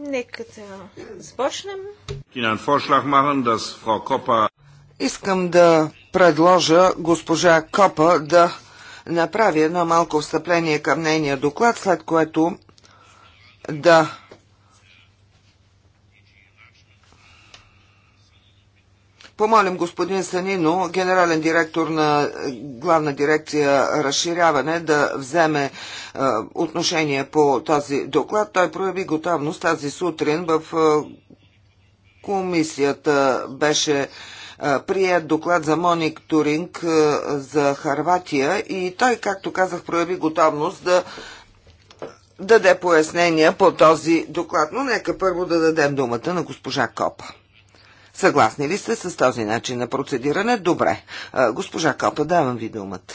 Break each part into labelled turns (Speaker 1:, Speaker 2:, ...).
Speaker 1: Нека да
Speaker 2: започнем. Искам да предложа госпожа Копа да направи едно малко встъпление към нейния доклад, след което да помолим господин Санино, генерален директор на е, главна дирекция разширяване, да вземе е, отношение по този доклад. Той прояви готовност тази сутрин в е, комисията беше прият доклад за мониторинг за Харватия и той, както казах, прояви готовност да даде пояснения по този доклад. Но нека първо да дадем думата на госпожа Копа. Съгласни ли сте с този начин на процедиране? Добре. Госпожа Капа, давам ви думата.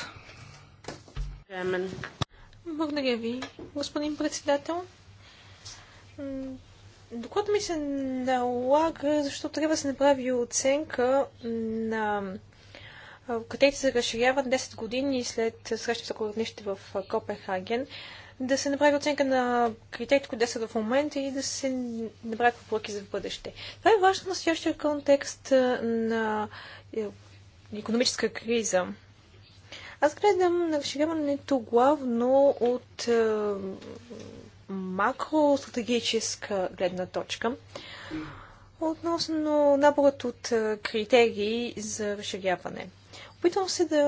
Speaker 1: Благодаря ви, господин председател. Доклада ми се налага, защото трябва да се направи оценка на където се разширяват 10 години след срещата с в Копенхаген да се направи оценка на критериите, които са в момента и да се направят препоръки за бъдеще. Това е важно на настоящия контекст на е, економическа криза. Аз гледам на разширяването главно от е, макростратегическа гледна точка относно наборът от критерии за разширяване. Опитвам се да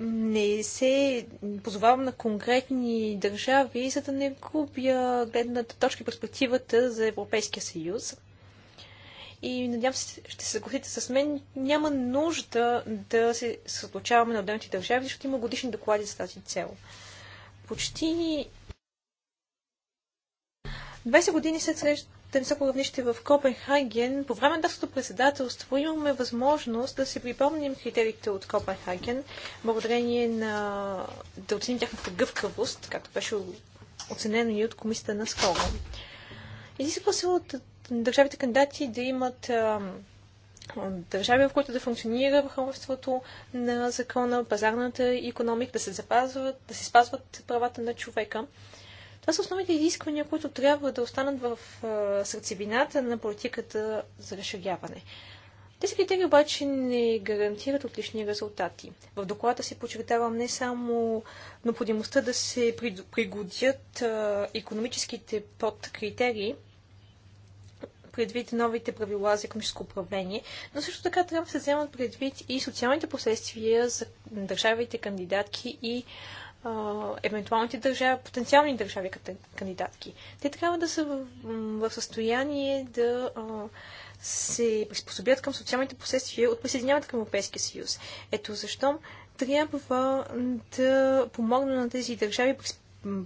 Speaker 1: не се позовавам на конкретни държави, за да не губя гледната точка и перспективата за Европейския съюз. И надявам се, ще се съгласите с мен, няма нужда да се съсредоточаваме на отделните държави, защото има годишни доклади за тази цел. Почти 20 години след срещ високо равнище в Копенхаген, по време на дърското председателство имаме възможност да си припомним критериите от Копенхаген, благодарение на да оценим тяхната гъвкавост, както беше оценено и от комисията на Скоро. Изисква се от държавите кандидати да имат държави, в които да функционира върховенството на закона, пазарната економика, да се запазват, да се спазват правата на човека. Това са основните изисквания, които трябва да останат в сърцевината на политиката за разширяване. Тези критерии обаче не гарантират отлични резултати. В доклада се подчертавам не само необходимостта да се пригодят економическите подкритерии, предвид новите правила за економическо управление, но също така трябва да се вземат предвид и социалните последствия за държавите кандидатки и евентуалните държави, потенциални държави кандидатки. Те трябва да са в, в състояние да а, се приспособят към социалните последствия от присъединяването към Европейския съюз. Ето защо трябва да помогна на тези държави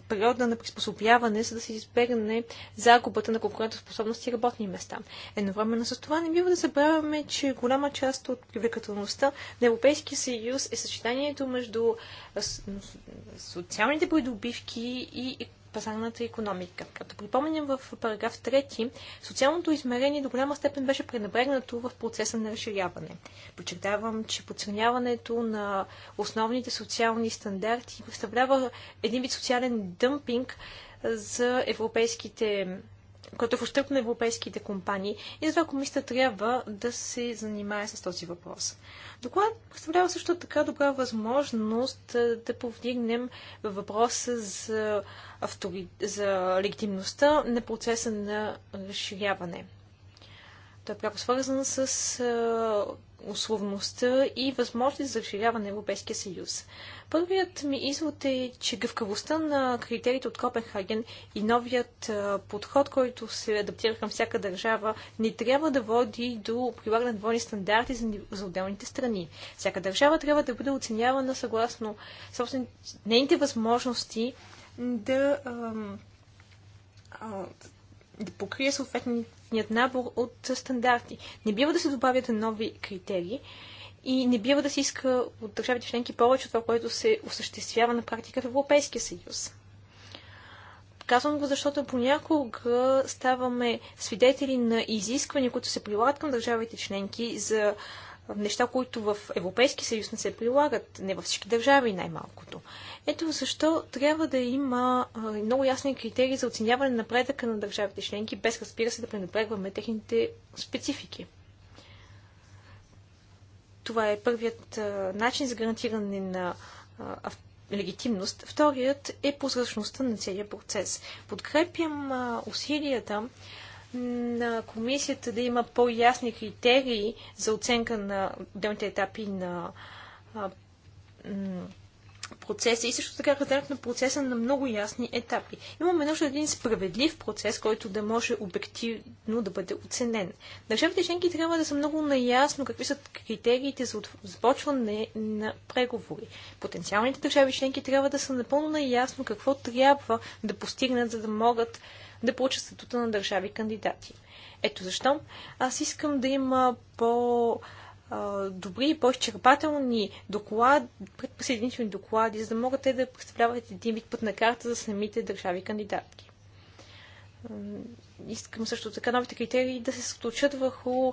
Speaker 1: периода на приспособяване, за да се избегне загубата на конкурентоспособност и работни места. Едновременно с това не бива да забравяме, че голяма част от привлекателността на Европейския съюз е съчетанието между социалните придобивки и пазарната економика. Като припомням в параграф 3, социалното измерение до голяма степен беше пренебрегнато в процеса на разширяване. Подчертавам, че подценяването на основните социални стандарти представлява един вид социален дъмпинг за европейските което е в ущърп на европейските компании и затова комисията трябва да се занимае с този въпрос. Доклад представлява също така добра възможност да повдигнем въпроса за, автори... за легитимността на процеса на разширяване. Той е пряко свързан с условността и възможност за разширяване на Европейския съюз. Първият ми извод е, че гъвкавостта на критериите от Копенхаген и новият подход, който се адаптира към всяка държава, не трябва да води до прилагане на двойни стандарти за отделните страни. Всяка държава трябва да бъде оценявана съгласно нейните възможности да, да покрие съответните същественият набор от стандарти. Не бива да се добавят нови критерии и не бива да се иска от държавите членки повече от това, което се осъществява на практика в Европейския съюз. Казвам го, защото понякога ставаме свидетели на изисквания, които се прилагат към държавите членки за неща, които в Европейския съюз не се прилагат, не във всички държави най-малкото. Ето защо трябва да има много ясни критерии за оценяване на напредъка на държавите членки, без разбира се да пренебрегваме техните специфики. Това е първият а, начин за гарантиране на а, легитимност. Вторият е прозрачността на целия процес. Подкрепям а, усилията на комисията да има по-ясни критерии за оценка на отделните етапи на процеса и също така разделят на процеса на много ясни етапи. Имаме нужда един справедлив процес, който да може обективно да бъде оценен. Държавите членки трябва да са много наясно какви са критериите за започване на преговори. Потенциалните държави членки трябва да са напълно наясно какво трябва да постигнат, за да могат да получат статута на държави кандидати. Ето защо аз искам да има по- добри и по-изчерпателни доклад, предприсъединителни доклади, за да могат те да представляват един вид път на карта за самите държави кандидатки. Искам също така новите критерии да се случат върху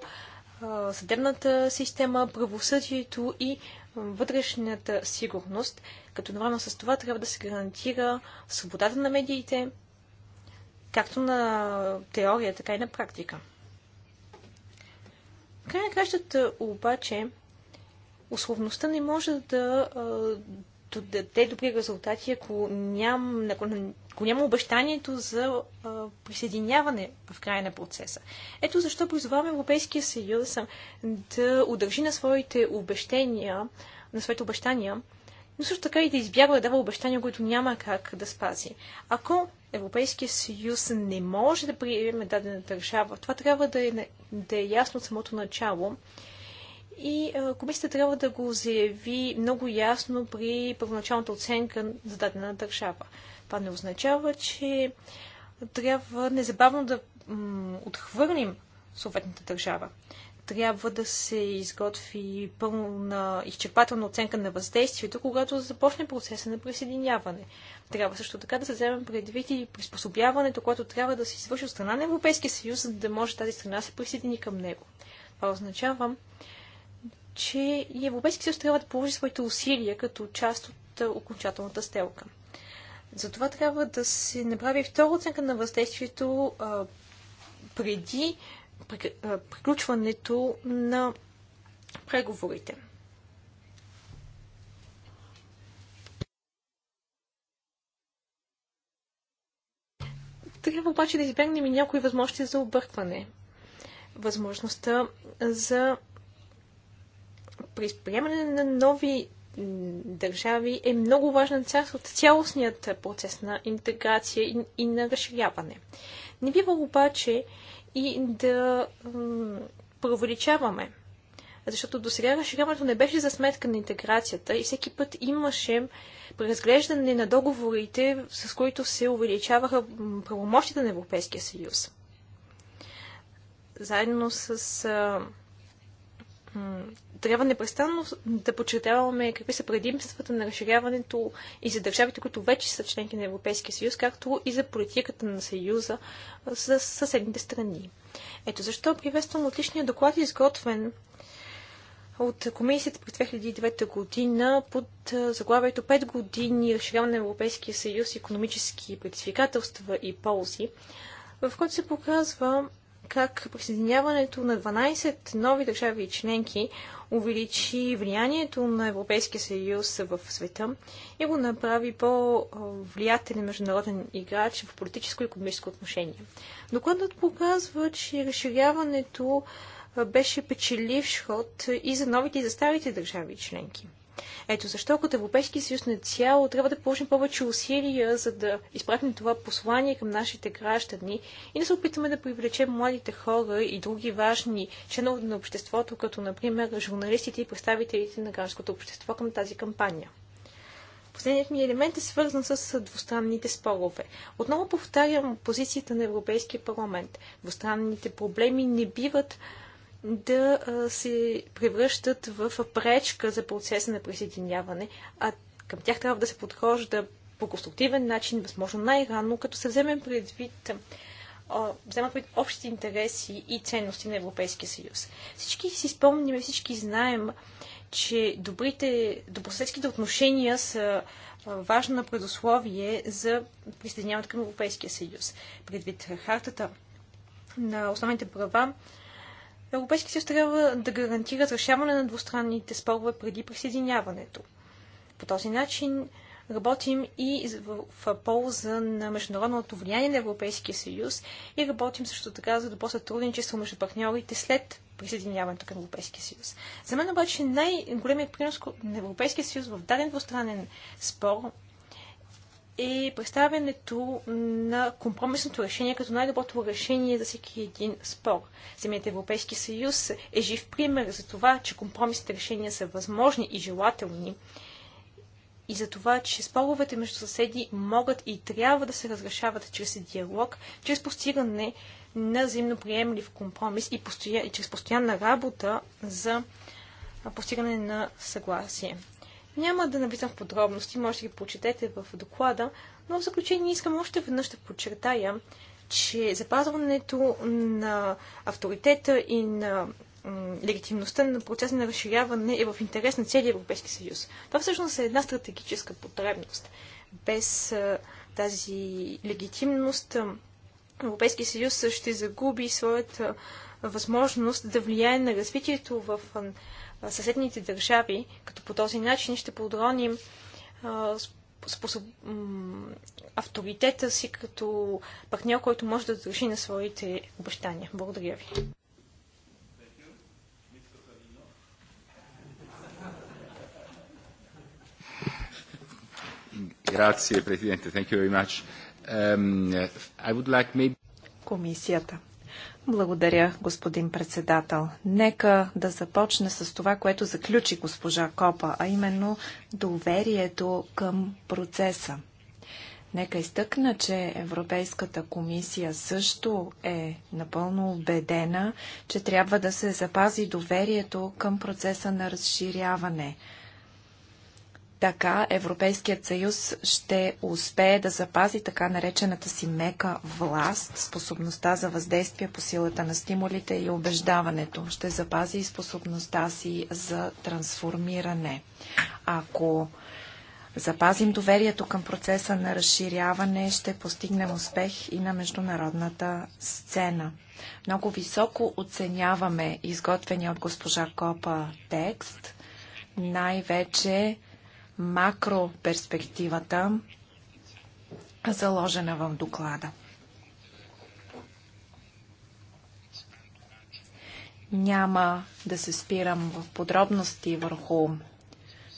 Speaker 1: съдебната система, правосъдието и вътрешната сигурност, като едновременно с това трябва да се гарантира свободата на медиите, както на теория, така и на практика край на кращата обаче, условността не може да даде добри резултати, ако, няма, ако няма обещанието за присъединяване в края на процеса. Ето защо призоваваме Европейския съюз да удържи на своите обещания, на своите обещания но също така и да избягва да дава обещания, които няма как да спази. Ако Европейския съюз не може да приеме дадена държава, това трябва да е, да е ясно от самото начало. И комисията трябва да го заяви много ясно при първоначалната оценка за дадена държава. Това не означава, че трябва незабавно да отхвърлим съответната държава трябва да се изготви пълна изчерпателна оценка на въздействието, когато започне процеса на присъединяване. Трябва също така да се вземе предвид и приспособяването, което трябва да се извърши от страна на Европейския съюз, за да може тази страна да се присъедини към него. Това означава, че и Европейския съюз трябва да положи своите усилия като част от окончателната стелка. Затова трябва да се направи втора оценка на въздействието а, преди приключването на преговорите. Трябва обаче да избегнем и някои възможности за объркване. Възможността за приемане на нови държави е много важна част от цялостният процес на интеграция и, и на разширяване. Не бива обаче и да преувеличаваме. Защото до сега разширяването не беше за сметка на интеграцията и всеки път имаше преразглеждане на договорите, с които се увеличаваха правомощите на Европейския съюз. Заедно с трябва непрестанно да подчертаваме какви са предимствата на разширяването и за държавите, които вече са членки на Европейския съюз, както и за политиката на съюза с съседните страни. Ето защо приветствам отличния доклад, изготвен от комисията през 2009 година под заглавието 5 години разширяване на Европейския съюз, економически предизвикателства и ползи, в който се показва как присъединяването на 12 нови държави и членки увеличи влиянието на Европейския съюз в света и го направи по-влиятелен международен играч в политическо и економическо отношение. Докладът показва, че разширяването беше печеливш ход и за новите и за старите държави и членки. Ето защо като Европейски съюз на цяло трябва да положим повече усилия, за да изпратим това послание към нашите граждани и да се опитаме да привлечем младите хора и други важни членове на обществото, като например журналистите и представителите на гражданското общество към тази кампания. Последният ми елемент е свързан с двустранните спорове. Отново повтарям позицията на Европейския парламент. Двустранните проблеми не биват да се превръщат в пречка за процеса на присъединяване, а към тях трябва да се подхожда по конструктивен начин, възможно най-рано, като се вземе предвид вземат пред общите интереси и ценности на Европейския съюз. Всички си спомним, всички знаем, че добрите, добросъседските отношения са важно предусловие за присъединяването към Европейския съюз. Предвид хартата на основните права, Европейския съюз трябва да гарантира разрешаване на двустранните спорове преди присъединяването. По този начин работим и в полза на международното влияние на Европейския съюз и работим също така за добро сътрудничество между партньорите след присъединяването към Европейския съюз. За мен обаче най-големият принос на Европейския съюз в даден двустранен спор е представянето на компромисното решение като най-доброто решение за всеки един спор. Земята Европейски съюз е жив пример за това, че компромисните решения са възможни и желателни и за това, че споровете между съседи могат и трябва да се разрешават чрез диалог, чрез постигане на взаимно приемлив компромис и, постоя... и чрез постоянна работа за постигане на съгласие. Няма да навлизам в подробности, може да ги прочетете в доклада, но в заключение искам още веднъж да подчертая, че запазването на авторитета и на легитимността на процеса на разширяване е в интерес на целия Европейски съюз. Това всъщност е една стратегическа потребност. Без тази легитимност Европейски съюз ще загуби своята възможност да влияе на развитието в съседните държави, като по този начин ще подроним способ... авторитета си като партньор, който може да държи на своите обещания. Благодаря ви. Grazie Presidente, thank you very much. Um, I would like maybe...
Speaker 3: Комисията. Благодаря, господин председател. Нека да започна с това, което заключи госпожа Копа, а именно доверието към процеса. Нека изтъкна, че Европейската комисия също е напълно убедена, че трябва да се запази доверието към процеса на разширяване – така Европейският съюз ще успее да запази така наречената си мека власт, способността за въздействие по силата на стимулите и убеждаването. Ще запази и способността си за трансформиране. Ако запазим доверието към процеса на разширяване, ще постигнем успех и на международната сцена. Много високо оценяваме изготвения от госпожа Копа текст, най-вече макроперспективата, заложена в доклада. Няма да се спирам в подробности върху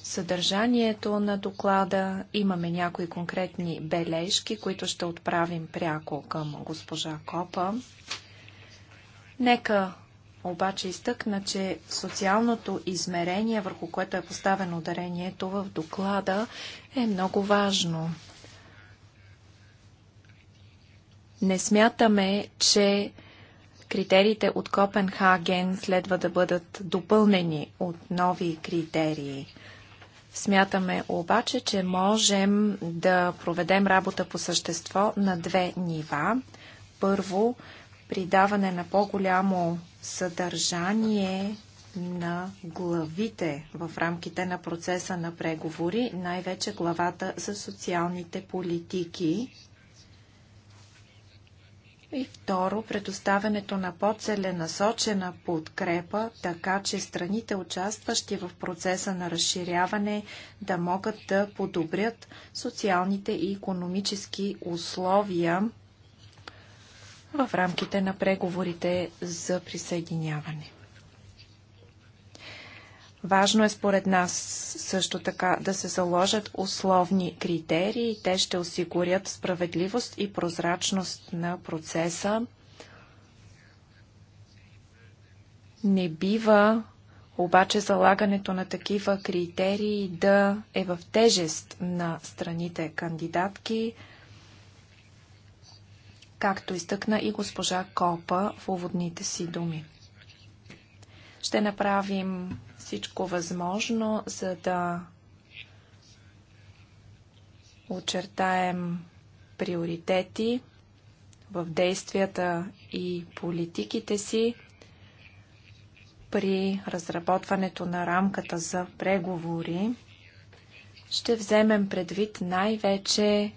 Speaker 3: съдържанието на доклада. Имаме някои конкретни бележки, които ще отправим пряко към госпожа Копа. Нека обаче изтъкна, че социалното измерение, върху което е поставено ударението в доклада, е много важно. Не смятаме, че критериите от Копенхаген следва да бъдат допълнени от нови критерии. Смятаме обаче, че можем да проведем работа по същество на две нива. Първо, придаване на по-голямо съдържание на главите в рамките на процеса на преговори, най-вече главата за социалните политики. И второ, предоставянето на по-целенасочена подкрепа, така че страните, участващи в процеса на разширяване, да могат да подобрят социалните и економически условия в рамките на преговорите за присъединяване. Важно е според нас също така да се заложат условни критерии. Те ще осигурят справедливост и прозрачност на процеса. Не бива обаче залагането на такива критерии да е в тежест на страните кандидатки – както изтъкна и госпожа Копа в уводните си думи. Ще направим всичко възможно, за да очертаем приоритети в действията и политиките си при разработването на рамката за преговори ще вземем предвид най-вече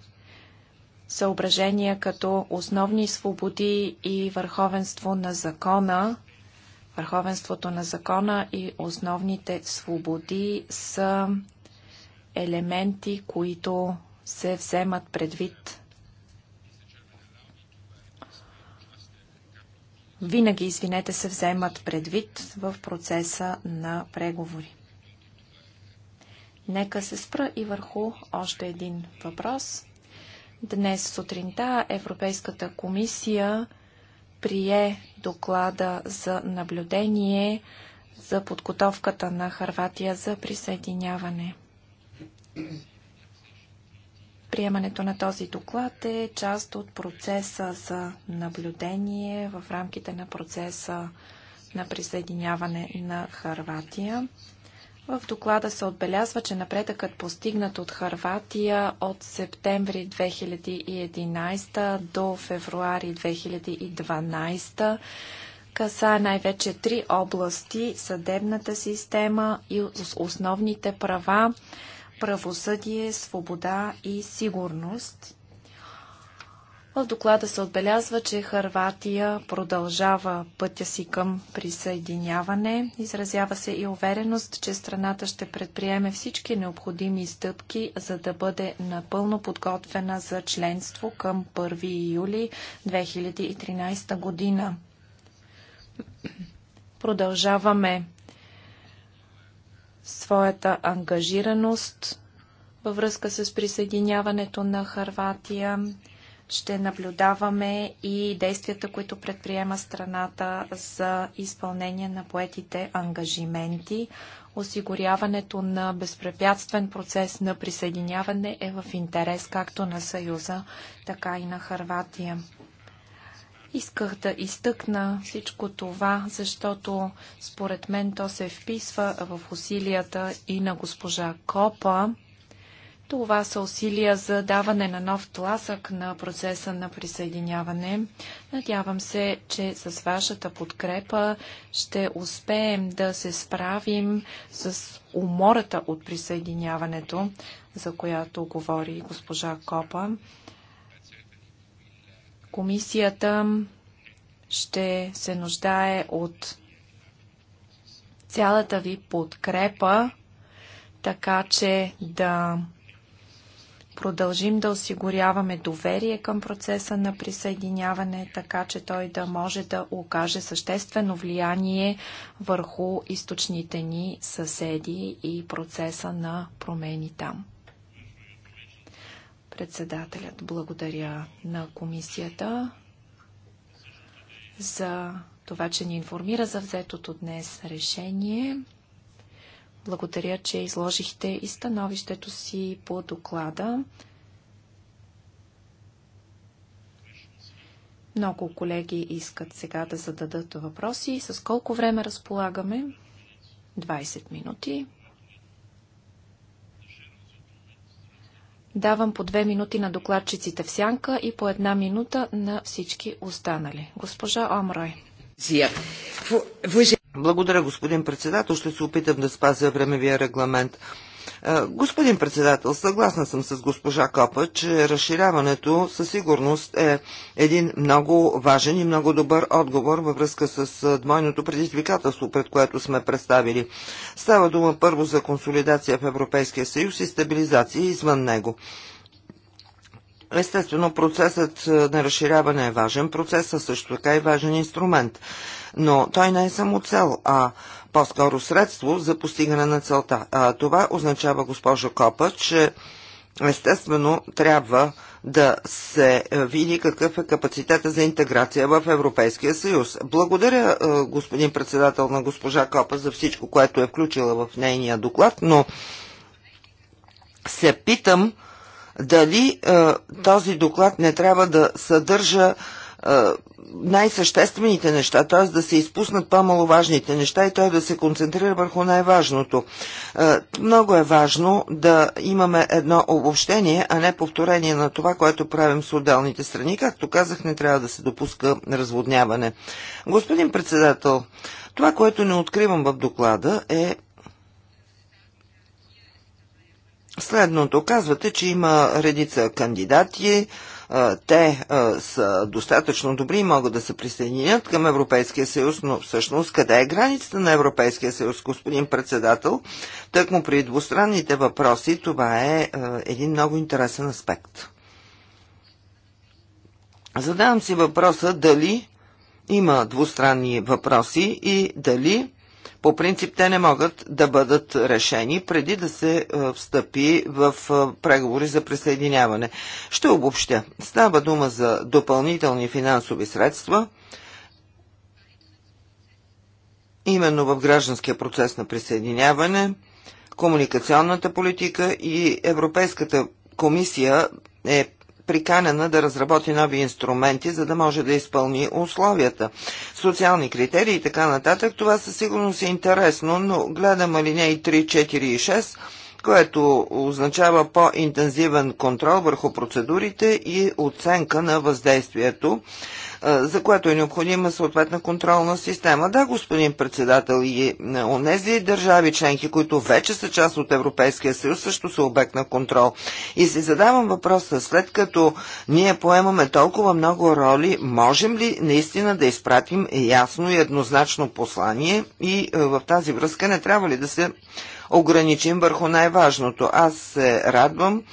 Speaker 3: съображения като основни свободи и върховенство на закона. Върховенството на закона и основните свободи са елементи, които се вземат предвид винаги, извинете, се вземат предвид в процеса на преговори. Нека се спра и върху още един въпрос – Днес сутринта Европейската комисия прие доклада за наблюдение за подготовката на Харватия за присъединяване. Приемането на този доклад е част от процеса за наблюдение в рамките на процеса на присъединяване на Харватия. В доклада се отбелязва, че напредъкът постигнат от Харватия от септември 2011 до февруари 2012 касае най-вече три области – съдебната система и основните права, правосъдие, свобода и сигурност. В доклада се отбелязва, че Харватия продължава пътя си към присъединяване. Изразява се и увереност, че страната ще предприеме всички необходими стъпки, за да бъде напълно подготвена за членство към 1 юли 2013 година. Продължаваме своята ангажираност във връзка с присъединяването на Харватия ще наблюдаваме и действията, които предприема страната за изпълнение на поетите ангажименти. Осигуряването на безпрепятствен процес на присъединяване е в интерес както на Съюза, така и на Харватия. Исках да изтъкна всичко това, защото според мен то се вписва в усилията и на госпожа Копа това са усилия за даване на нов тласък на процеса на присъединяване. Надявам се, че с вашата подкрепа ще успеем да се справим с умората от присъединяването, за която говори госпожа Копа. Комисията ще се нуждае от цялата ви подкрепа, така че да продължим да осигуряваме доверие към процеса на присъединяване, така че той да може да окаже съществено влияние върху източните ни съседи и процеса на промени там. Председателят благодаря на комисията за това, че ни информира за взетото днес решение. Благодаря, че изложихте и становището си по доклада. Много колеги искат сега да зададат въпроси. С колко време разполагаме? 20 минути. Давам по две минути на докладчиците в сянка и по една минута на всички останали. Госпожа Омрой.
Speaker 2: Благодаря, господин председател. Ще се опитам да спазя времевия регламент. Господин председател, съгласна съм с госпожа Копа, че разширяването със сигурност е един много важен и много добър отговор във връзка с двойното предизвикателство, пред което сме представили. Става дума първо за консолидация в Европейския съюз и стабилизация извън него. Естествено, процесът е, на разширяване е важен процес, а също така и е важен инструмент. Но той не е само цел, а по-скоро средство за постигане на целта. А, това означава, госпожо Копа, че естествено трябва да се види какъв е капацитета за интеграция в Европейския съюз. Благодаря, е, господин председател на госпожа Копа, за всичко, което е включила в нейния доклад, но се питам дали е, този доклад не трябва да съдържа е, най-съществените неща, т.е. да се изпуснат по-маловажните неща и той да се концентрира върху най-важното. Е, много е важно да имаме едно обобщение, а не повторение на това, което правим с отделните страни. Както казах, не трябва да се допуска разводняване. Господин председател, това, което не откривам в доклада е следното. Казвате, че има редица кандидати, те са достатъчно добри и могат да се присъединят към Европейския съюз, но всъщност къде е границата на Европейския съюз, господин председател? Тък му при двустранните въпроси това е един много интересен аспект. Задавам си въпроса дали има двустранни въпроси и дали по принцип те не могат да бъдат решени преди да се е, встъпи в е, преговори за присъединяване. Ще обобщя. Става дума за допълнителни финансови средства, именно в гражданския процес на присъединяване, комуникационната политика и Европейската комисия е приканена да разработи нови инструменти, за да може да изпълни условията. Социални критерии и така нататък, това със сигурност е интересно, но гледам алинеи 3, 4 и 6 което означава по-интензивен контрол върху процедурите и оценка на въздействието, е, за което е необходима съответна контролна система. Да, господин председател, и е, онези държави членки, които вече са част от Европейския съюз, също са обект на контрол. И си задавам въпроса, след като ние поемаме толкова много роли, можем ли наистина да изпратим ясно и еднозначно послание и е, в тази връзка не трябва ли да се ограничим върху най-важното. Аз се радвам,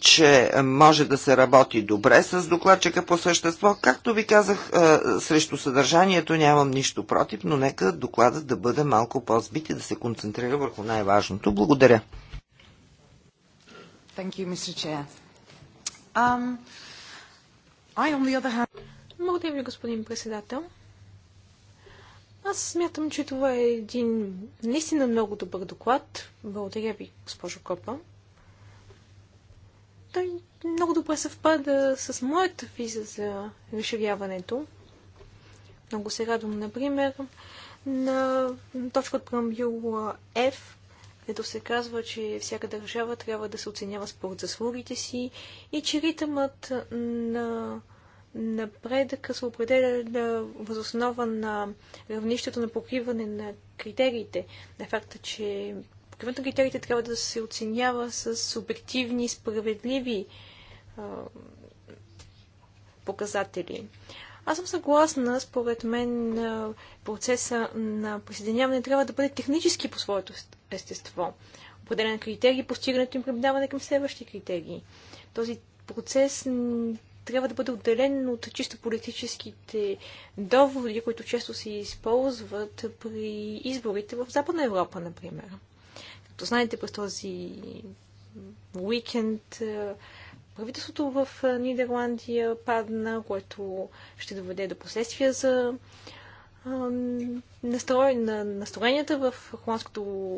Speaker 2: че може да се работи добре с докладчика по същество. Както ви казах, срещу съдържанието нямам нищо против, но нека докладът да бъде малко по-збит и да се концентрира върху най-важното. Благодаря.
Speaker 1: Thank you, Mr. Chair. Um, I, on the other hand... Благодаря ви, господин председател. Аз смятам, че това е един наистина много добър доклад. Благодаря ви, госпожо Копа. Той много добре съвпада с моята виза за разширяването. Много се радвам, например, на точка от преамбюла F, където се казва, че всяка държава трябва да се оценява според заслугите си и че ритъмът на Напредъка се определя възоснова на равнището на покриване на критериите. На факта, че покриването на критериите трябва да се оценява с субективни, справедливи а, показатели. Аз съм съгласна, според мен процеса на присъединяване трябва да бъде технически по своето естество. Определен критерий, постигането им преминаване към следващи критерии. Този процес трябва да бъде отделен от чисто политическите доводи, които често се използват при изборите в Западна Европа, например. Както знаете, през този уикенд правителството в Нидерландия падна, което ще доведе до последствия за настроенията в холандското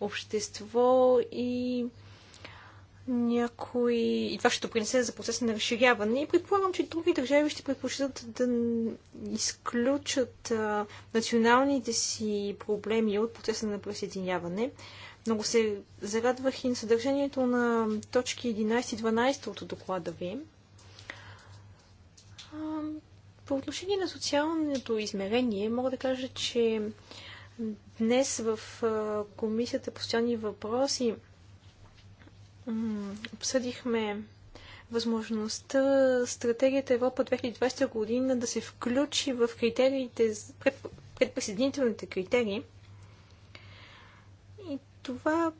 Speaker 1: общество и някои... И това ще допринесе за процеса на разширяване. И предполагам, че други държави ще предпочитат да изключат а, националните си проблеми от процеса на присъединяване. Много се зарадвах и на съдържанието на точки 11 и 12 от доклада ви. по отношение на социалното измерение, мога да кажа, че днес в Комисията по социални въпроси обсъдихме възможността стратегията Европа 2020 година да се включи в критериите, пред, критерии. И това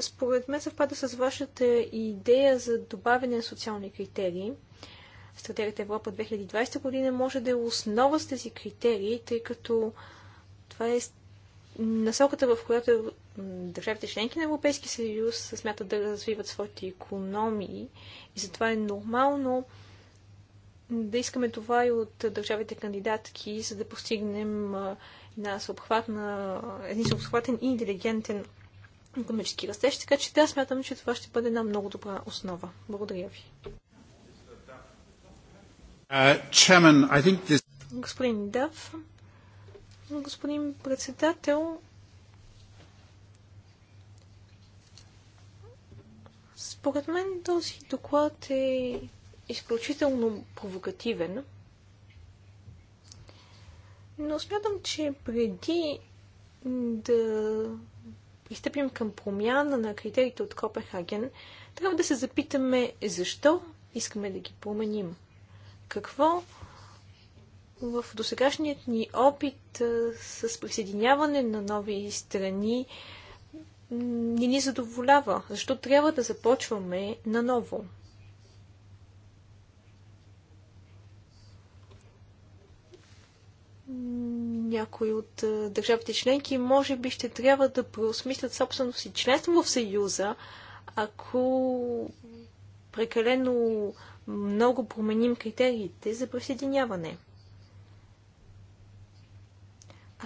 Speaker 1: според мен съвпада с вашата идея за добавяне на социални критерии. Стратегията Европа 2020 година може да е основа с тези критерии, тъй като това е насоката, в която държавите членки на Европейския съюз смятат да развиват своите економии и затова е нормално да искаме това и от държавите кандидатки, за да постигнем една съобхватна, един съобхватен и интелигентен економически растеж. Така че да, смятам, че това ще бъде една много добра основа. Благодаря ви.
Speaker 3: Uh, chairman, this...
Speaker 1: Господин Дав, господин председател, Според мен този доклад е изключително провокативен, но смятам, че преди да пристъпим към промяна на критериите от Копенхаген, трябва да се запитаме защо искаме да ги променим. Какво в досегашният ни опит с присъединяване на нови страни не ни задоволява? Защо трябва да започваме наново? някои от е, държавите членки може би ще трябва да преосмислят собствено си членство в Съюза, ако прекалено много променим критериите за присъединяване.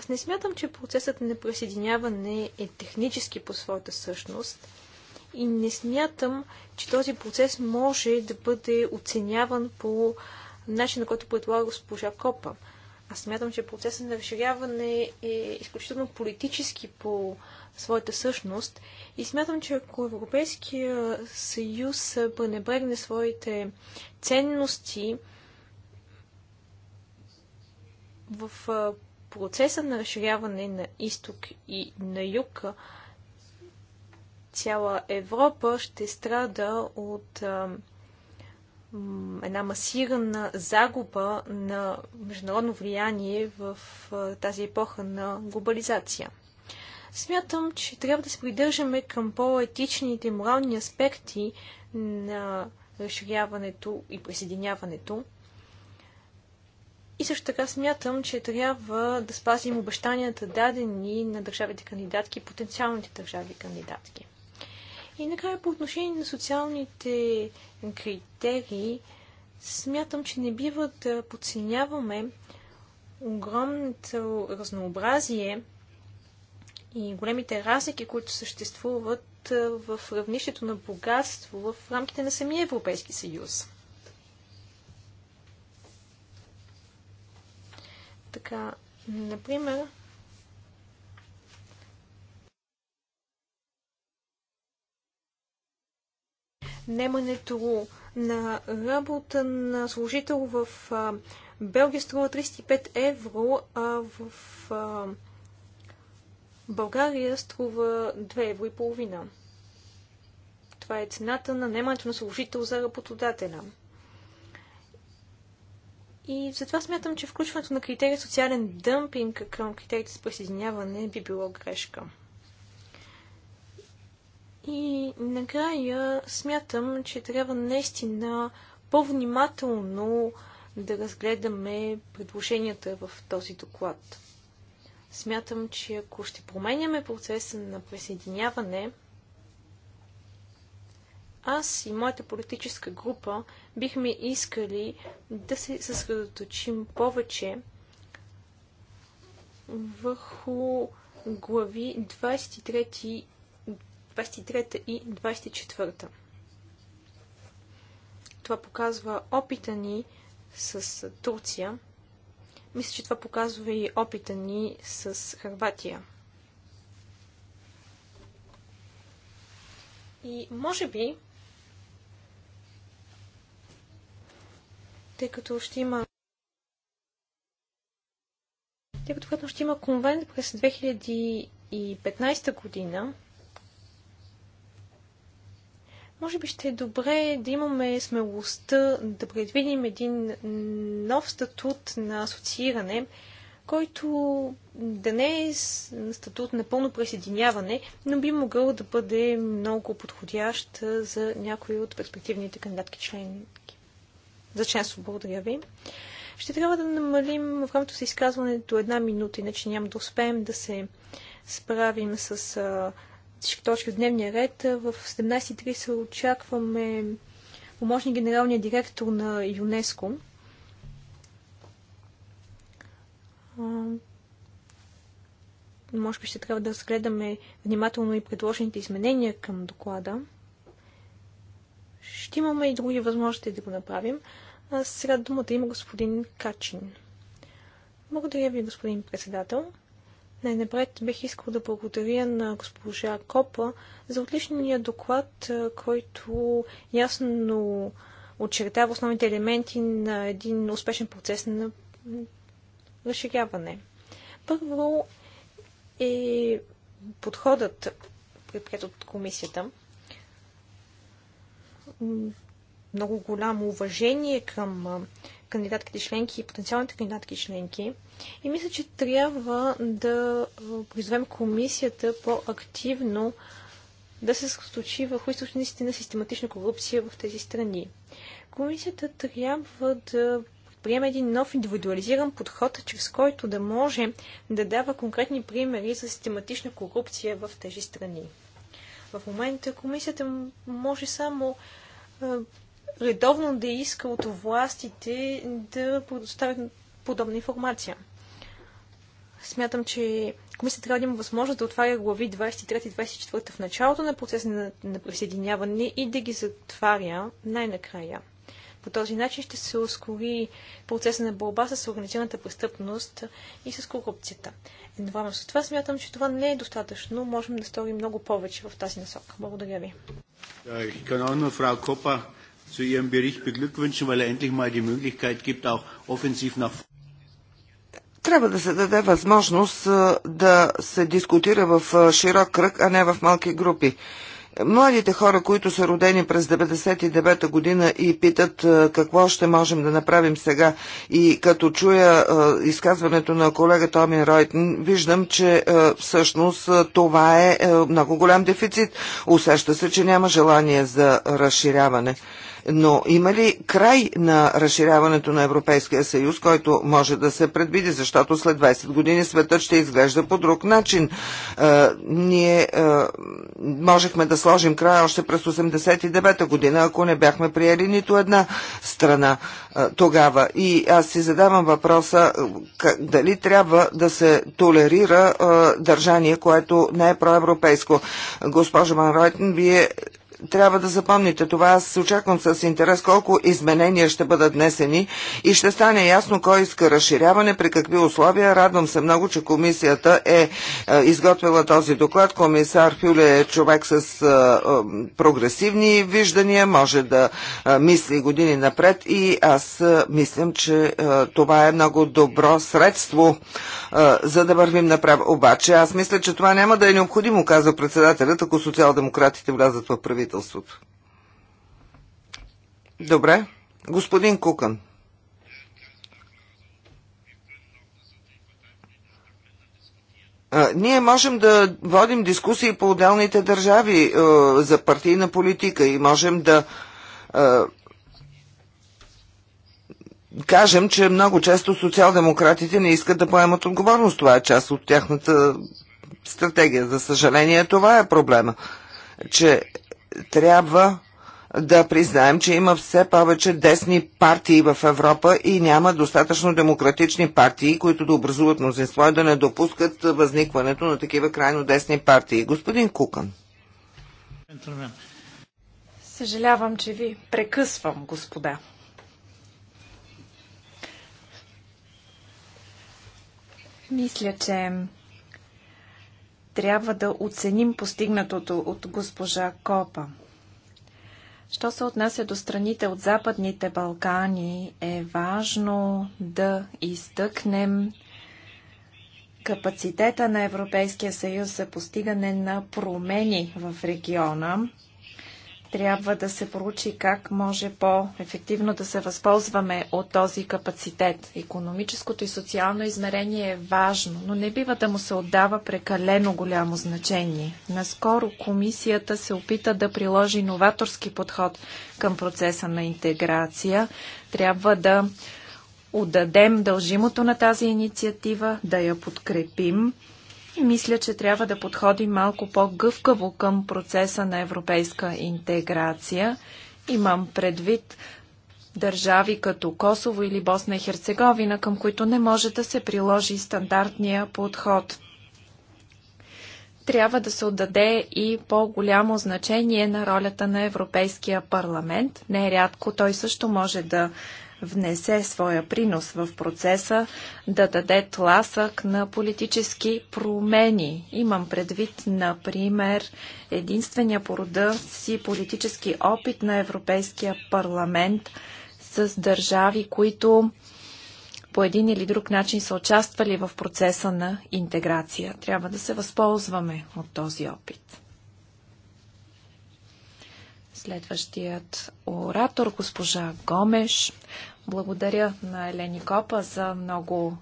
Speaker 1: Аз не смятам, че процесът на присъединяване е технически по своята същност и не смятам, че този процес може да бъде оценяван по начина, който предлага госпожа Копа. Аз смятам, че процесът на разширяване е изключително политически по своята същност и смятам, че ако Европейския съюз пренебрегне своите ценности в процеса на разширяване на изток и на юг цяла Европа ще страда от а, една масирана загуба на международно влияние в а, тази епоха на глобализация. Смятам, че трябва да се придържаме към по-етичните морални аспекти на разширяването и присъединяването. И също така смятам, че трябва да спазим обещанията дадени на държавите кандидатки потенциалните държави кандидатки. И накрая по отношение на социалните критерии, смятам, че не бива да подценяваме огромното разнообразие и големите разлики, които съществуват в равнището на богатство в рамките на самия Европейски съюз. Така, например, немането на работа на служител в а, Белгия струва 35 евро, а в а, България струва 2 евро и половина. Това е цената на немането на служител за работодателя. И затова смятам, че включването на критерия социален дъмпинг към критериите с присъединяване би било грешка. И накрая смятам, че трябва наистина по-внимателно да разгледаме предложенията в този доклад. Смятам, че ако ще променяме процеса на присъединяване, аз и моята политическа група бихме искали да се съсредоточим повече върху глави 23, 23 и 24. Това показва опита ни с Турция. Мисля, че това показва и опита ни с Харватия. И може би тъй като ще има тъй като ще има конвент през 2015 година. Може би ще е добре да имаме смелостта да предвидим един нов статут на асоцииране, който да не е статут на пълно присъединяване, но би могъл да бъде много подходящ за някои от перспективните кандидатки за членство. Благодаря ви. Ще трябва да намалим в рамкото си изказване до една минута, иначе няма да успеем да се справим с всички точки от дневния ред. В 17.30 очакваме помощник генералния директор на ЮНЕСКО. Може би ще трябва да разгледаме внимателно и предложените изменения към доклада ще имаме и други възможности да го направим. А сега думата има господин Качин. Благодаря ви, господин председател. Най-напред бих искал да благодаря на госпожа Копа за отличния доклад, който ясно очертава основните елементи на един успешен процес на разширяване. Първо е подходът, предприят от комисията – много голямо уважение към кандидатките членки и потенциалните кандидатки членки. И мисля, че трябва да призовем комисията по-активно да се случи върху източниците на систематична корупция в тези страни. Комисията трябва да приеме един нов индивидуализиран подход, чрез който да може да дава конкретни примери за систематична корупция в тези страни. В момента комисията може само редовно да иска от властите да предоставят подобна информация. Смятам, че комисията трябва да има възможност да отваря глави 23 24 в началото на процеса на присъединяване и да ги затваря най-накрая. По този начин ще се ускори процеса на борба с организираната престъпност и с корупцията. Едновременно с това смятам, че това не е достатъчно. Можем да сторим много повече в тази насока. Благодаря ви.
Speaker 3: zu Ihrem Bericht beglückwünschen, weil er endlich mal die Möglichkeit gibt, auch offensiv nach
Speaker 2: трябва да се даде възможност да се дискутира в широк кръг, а не в малки групи. Младите хора, които са родени през 99-та година и питат какво ще можем да направим сега и като чуя изказването на колегата Омин Ройтен, виждам, че всъщност това е много голям дефицит. Усеща се, че няма желание за разширяване. Но има ли край на разширяването на Европейския съюз, който може да се предвиди, защото след 20 години светът ще изглежда по друг начин? Е, ние е, можехме да сложим край още през 89-та година, ако не бяхме приели нито една страна е, тогава. И аз си задавам въпроса е, дали трябва да се толерира е, държание, което не е проевропейско. Госпожа Ман Ройтен, вие трябва да запомните това. Аз очаквам с интерес колко изменения ще бъдат днесени и ще стане ясно кой иска разширяване, при какви условия. Радвам се много, че комисията е, е изготвила този доклад. Комисар Фюле е човек с е, е, прогресивни виждания, може да мисли години напред и аз мислям, че това е много добро средство за да вървим направо. Обаче аз мисля, че това няма да е необходимо, казва председателят, ако социал-демократите влязат в правителството правителството. Добре. Господин Кукан. Ние можем да водим дискусии по отделните държави е, за партийна политика и можем да е, кажем, че много често социал-демократите не искат да поемат отговорност. Това е част от тяхната стратегия. За съжаление, това е проблема, че трябва да признаем, че има все повече десни партии в Европа и няма достатъчно демократични партии, които да образуват мнозинство и да не допускат възникването на такива крайно десни партии. Господин Кукан.
Speaker 3: Съжалявам, че ви прекъсвам, господа. Мисля, че трябва да оценим постигнатото от госпожа Копа. Що се отнася до страните от Западните Балкани, е важно да изтъкнем капацитета на Европейския съюз за постигане на промени в региона, трябва да се проучи как може по-ефективно да се възползваме от този капацитет. Економическото и социално измерение е важно, но не бива да му се отдава прекалено голямо значение. Наскоро комисията се опита да приложи новаторски подход към процеса на интеграция. Трябва да отдадем дължимото на тази инициатива, да я подкрепим мисля, че трябва да подходим малко по-гъвкаво към процеса на европейска интеграция. Имам предвид държави като Косово или Босна и Херцеговина, към които не може да се приложи стандартния подход. Трябва да се отдаде и по-голямо значение на ролята на Европейския парламент. Нерядко той също може да внесе своя принос в процеса, да даде тласък на политически промени. Имам предвид, например, единствения по рода си политически опит на Европейския парламент с държави, които по един или друг начин са участвали в процеса на интеграция. Трябва да се възползваме от този опит. Следващият оратор, госпожа Гомеш. Благодаря на Елени Копа за много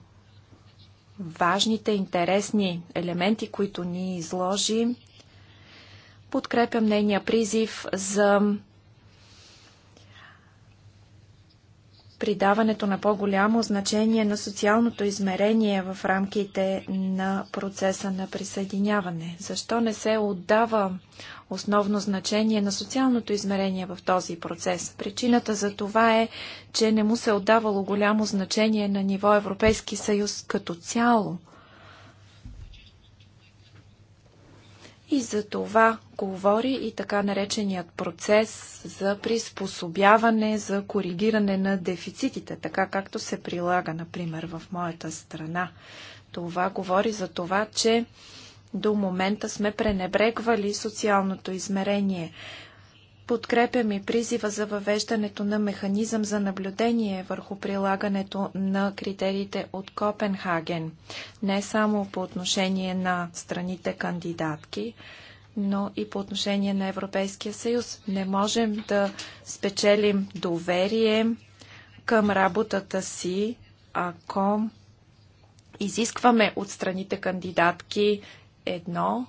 Speaker 3: важните, интересни елементи, които ни изложи. Подкрепям нейния призив за придаването на по-голямо значение на социалното измерение в рамките на процеса на присъединяване. Защо не се отдава основно значение на социалното измерение в този процес. Причината за това е, че не му се е отдавало голямо значение на ниво Европейски съюз като цяло. И за това говори и така нареченият процес за приспособяване, за коригиране на дефицитите, така както се прилага, например, в моята страна. Това говори за това, че до момента сме пренебрегвали социалното измерение. Подкрепям и призива за въвеждането на механизъм за наблюдение върху прилагането на критериите от Копенхаген, не само по отношение на страните кандидатки, но и по отношение на Европейския съюз. Не можем да спечелим доверие към работата си, ако изискваме от страните кандидатки едно,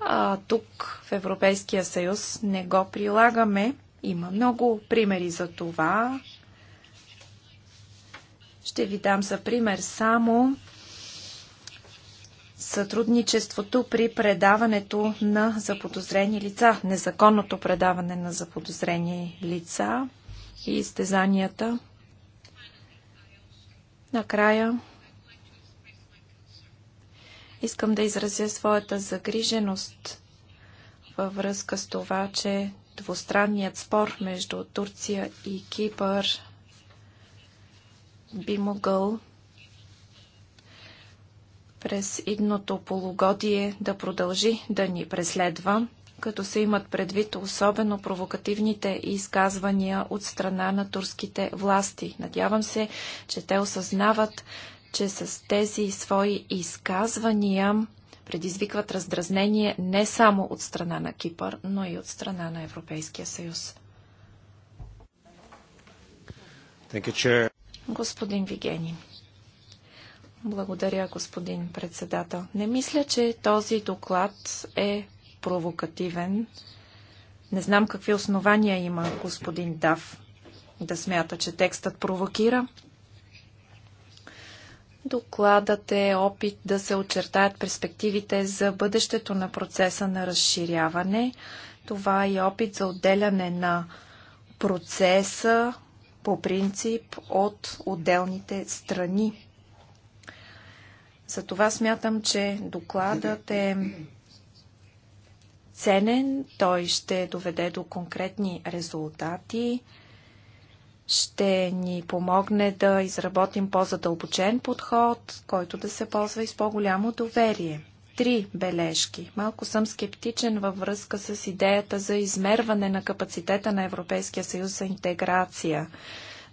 Speaker 3: а тук в Европейския съюз не го прилагаме. Има много примери за това. Ще ви дам за пример само сътрудничеството при предаването на заподозрени лица, незаконното предаване на заподозрени лица и изтезанията. Накрая Искам да изразя своята загриженост във връзка с това, че двустранният спор между Турция и Кипър би могъл през идното полугодие да продължи да ни преследва, като се имат предвид особено провокативните изказвания от страна на турските власти. Надявам се, че те осъзнават, че с тези свои изказвания предизвикват раздразнение не само от страна на Кипър, но и от страна на Европейския съюз. Господин Вигени. Благодаря, господин председател. Не мисля, че този доклад е провокативен. Не знам какви основания има господин Дав да смята, че текстът провокира. Докладът е опит да се очертаят перспективите за бъдещето на процеса на разширяване. Това е опит за отделяне на процеса по принцип от отделните страни. Затова смятам, че докладът е ценен, той ще доведе до конкретни резултати ще ни помогне да изработим по-задълбочен подход, който да се ползва и с по-голямо доверие. Три бележки. Малко съм скептичен във връзка с идеята за измерване на капацитета на Европейския съюз за интеграция.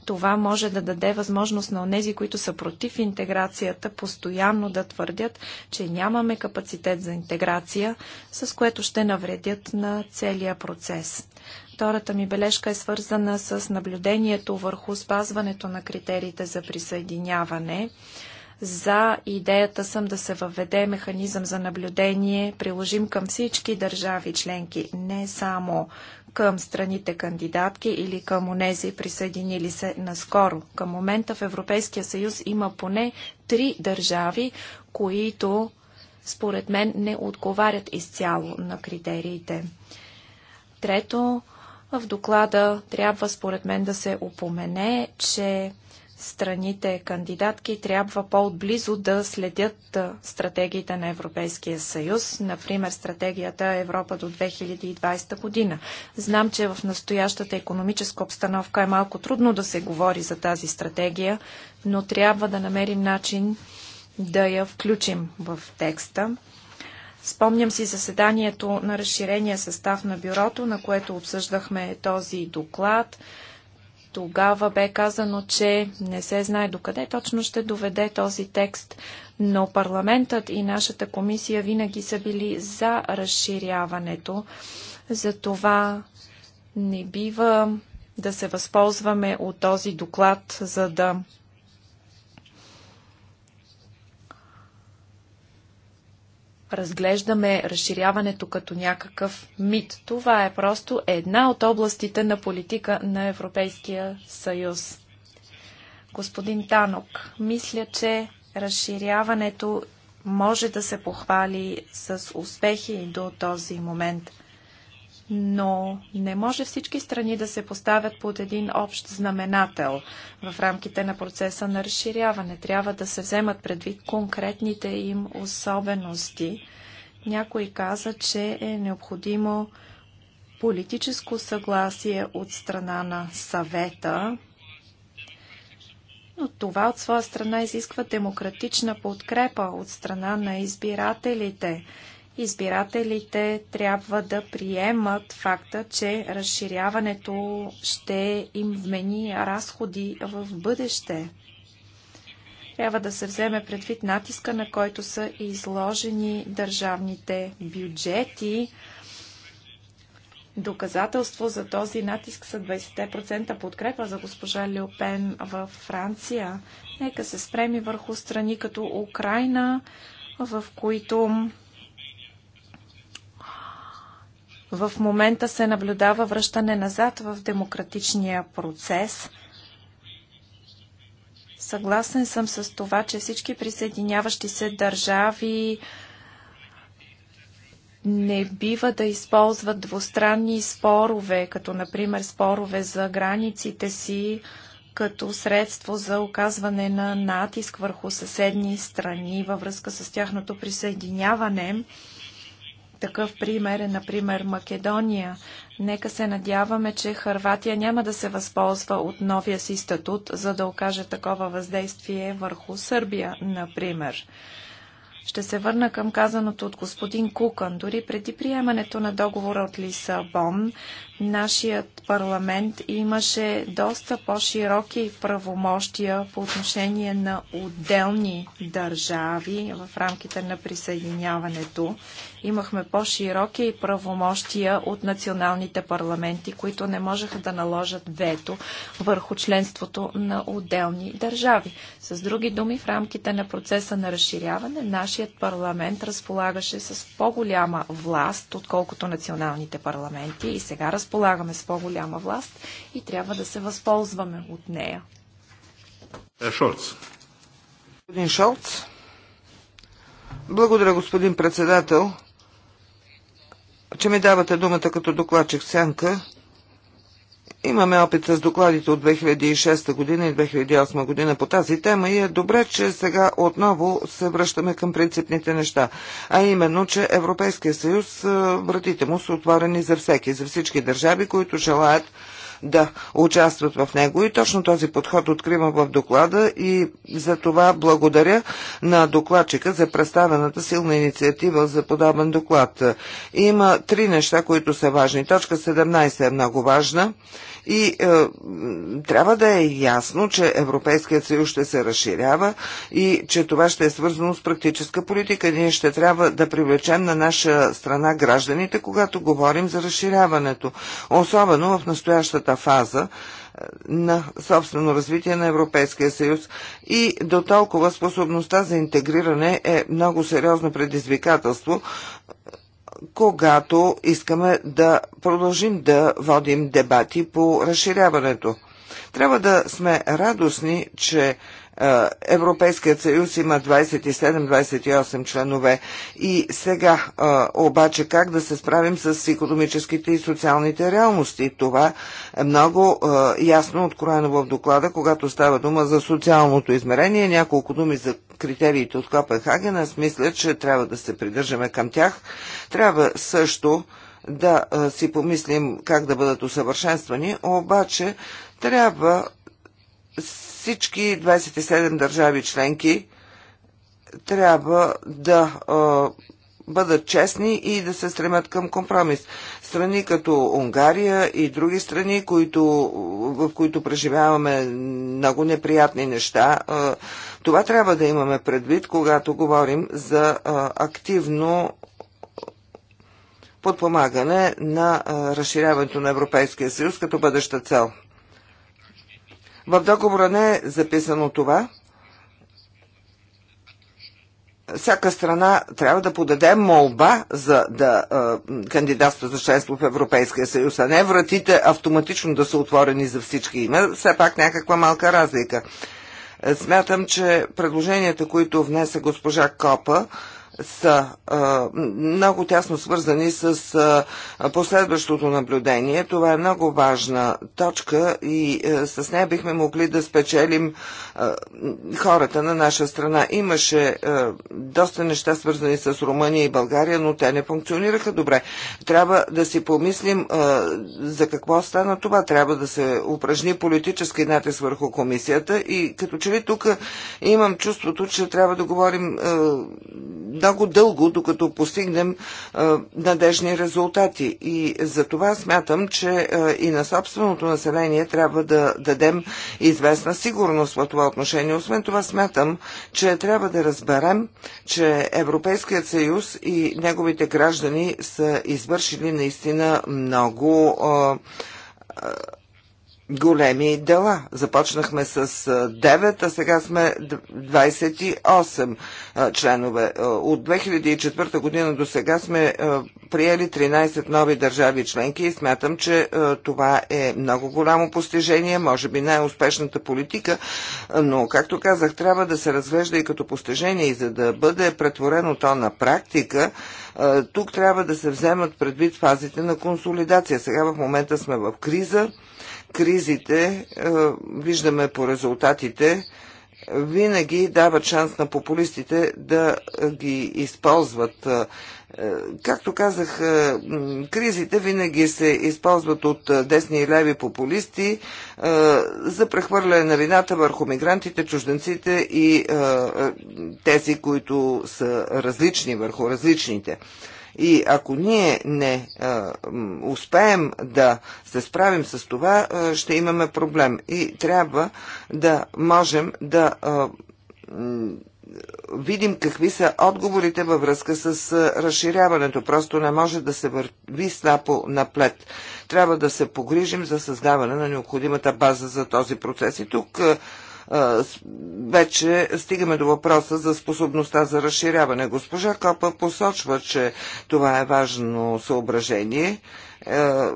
Speaker 3: Това може да даде възможност на онези, които са против интеграцията, постоянно да твърдят, че нямаме капацитет за интеграция, с което ще навредят на целия процес. Втората ми бележка е свързана с наблюдението върху спазването на критериите за присъединяване. За идеята съм да се въведе механизъм за наблюдение, приложим към всички държави членки, не само към страните кандидатки или към онези присъединили се наскоро. Към момента в Европейския съюз има поне три държави, които според мен не отговарят изцяло на критериите. Трето, в доклада трябва според мен да се упомене, че страните кандидатки трябва по-отблизо да следят стратегиите на Европейския съюз, например стратегията Европа до 2020 година. Знам, че в настоящата економическа обстановка е малко трудно да се говори за тази стратегия, но трябва да намерим начин да я включим в текста. Спомням си заседанието на разширения състав на бюрото, на което обсъждахме този доклад. Тогава бе казано, че не се знае докъде точно ще доведе този текст, но парламентът и нашата комисия винаги са били за разширяването. Затова не бива да се възползваме от този доклад, за да разглеждаме разширяването като някакъв мит. Това е просто една от областите на политика на Европейския съюз. Господин Танок, мисля, че разширяването може да се похвали с успехи до този момент – но не може всички страни да се поставят под един общ знаменател в рамките на процеса на разширяване. Трябва да се вземат предвид конкретните им особености. Някой каза, че е необходимо политическо съгласие от страна на съвета, но това от своя страна изисква демократична подкрепа от страна на избирателите избирателите трябва да приемат факта, че разширяването ще им вмени разходи в бъдеще. Трябва да се вземе предвид натиска, на който са изложени държавните бюджети. Доказателство за този натиск са 20% подкрепа за госпожа Леопен във Франция. Нека се спреми върху страни като Украина, в които в момента се наблюдава връщане назад в демократичния процес. Съгласен съм с това, че всички присъединяващи се държави не бива да използват двустранни спорове, като например спорове за границите си, като средство за оказване на натиск върху съседни страни във връзка с тяхното присъединяване. Такъв пример е, например, Македония. Нека се надяваме, че Харватия няма да се възползва от новия си статут, за да окаже такова въздействие върху Сърбия, например. Ще се върна към казаното от господин Кукан. Дори преди приемането на договора от Лисабон, нашият парламент имаше доста по-широки правомощия по отношение на отделни държави в рамките на присъединяването. Имахме по-широки правомощия от националните парламенти, които не можеха да наложат вето върху членството на отделни държави. С други думи, в рамките на процеса на разширяване, нашият нашият парламент разполагаше с по-голяма власт, отколкото националните парламенти и сега разполагаме с по-голяма власт и трябва да се възползваме от нея.
Speaker 2: Е, Шолц. Господин Шолц. Благодаря, господин председател, че ми давате думата като докладчик Сянка. Имаме опит с докладите от 2006 година и 2008 година по тази тема и е добре, че сега отново се връщаме към принципните неща, а именно, че Европейския съюз, е, вратите му са отворени за всеки, за всички държави, които желаят да участват в него. И точно този подход откривам в доклада и за това благодаря на докладчика за представената силна инициатива за подобен доклад. Има три неща, които са важни. Точка 17 е много важна и е, трябва да е ясно, че Европейският съюз ще се разширява и че това ще е свързано с практическа политика. Ние ще трябва да привлечем на наша страна гражданите, когато говорим за разширяването, особено в настоящата фаза е, на собствено развитие на Европейския съюз и до толкова способността за интегриране е много сериозно предизвикателство, когато искаме да продължим да водим дебати по разширяването. Трябва да сме радостни, че е, Европейският съюз има 27-28 членове. И сега е, обаче как да се справим с економическите и социалните реалности? Това е много е, ясно откроено в доклада, когато става дума за социалното измерение. Няколко думи за критериите от Копенхаген. Аз мисля, че трябва да се придържаме към тях. Трябва също да си помислим как да бъдат усъвършенствани, обаче трябва всички 27 държави членки трябва да бъдат честни и да се стремят към компромис. Страни като Унгария и други страни, които, в които преживяваме много неприятни неща, това трябва да имаме предвид, когато говорим за активно подпомагане на разширяването на Европейския съюз като бъдеща цел. В договора не е записано това. Всяка страна трябва да подаде молба за да е, кандидатства за членство в Европейския съюз, а не вратите автоматично да са отворени за всички. Има все пак някаква малка разлика. Смятам, че предложенията, които внесе госпожа Копа, е, са а, много тясно свързани с а, последващото наблюдение. Това е много важна точка и а, с нея бихме могли да спечелим хората на наша страна. Имаше доста неща свързани с Румъния и България, но те не функционираха добре. Трябва да си помислим за какво стана това. Трябва да се упражни политически натиск върху комисията и като че ли тук имам чувството, че трябва да говорим много дълго, докато постигнем надежни резултати. И за това смятам, че и на собственото население трябва да дадем известна сигурност в това отношение. Освен това смятам, че трябва да разберем, че Европейският съюз и неговите граждани са извършили наистина много големи дела. Започнахме с 9, а сега сме 28 членове. От 2004 година до сега сме приели 13 нови държави членки и смятам, че това е много голямо постижение, може би най-успешната политика, но, както казах, трябва да се разглежда и като постижение и за да бъде претворено то на практика, тук трябва да се вземат предвид фазите на консолидация. Сега в момента сме в криза, кризите, е, виждаме по резултатите, винаги дават шанс на популистите да ги използват. Е, както казах, е, кризите винаги се използват от десни и леви популисти за прехвърляне на вината върху мигрантите, чужденците и тези, които са различни върху различните. И ако ние не а, успеем да се справим с това, а, ще имаме проблем. И трябва да можем да. А, видим какви са отговорите във връзка с разширяването. Просто не може да се върви слапо плед. Трябва да се погрижим за създаване на необходимата база за този процес. И тук вече стигаме до въпроса за способността за разширяване. Госпожа Копа посочва, че това е важно съображение. Е,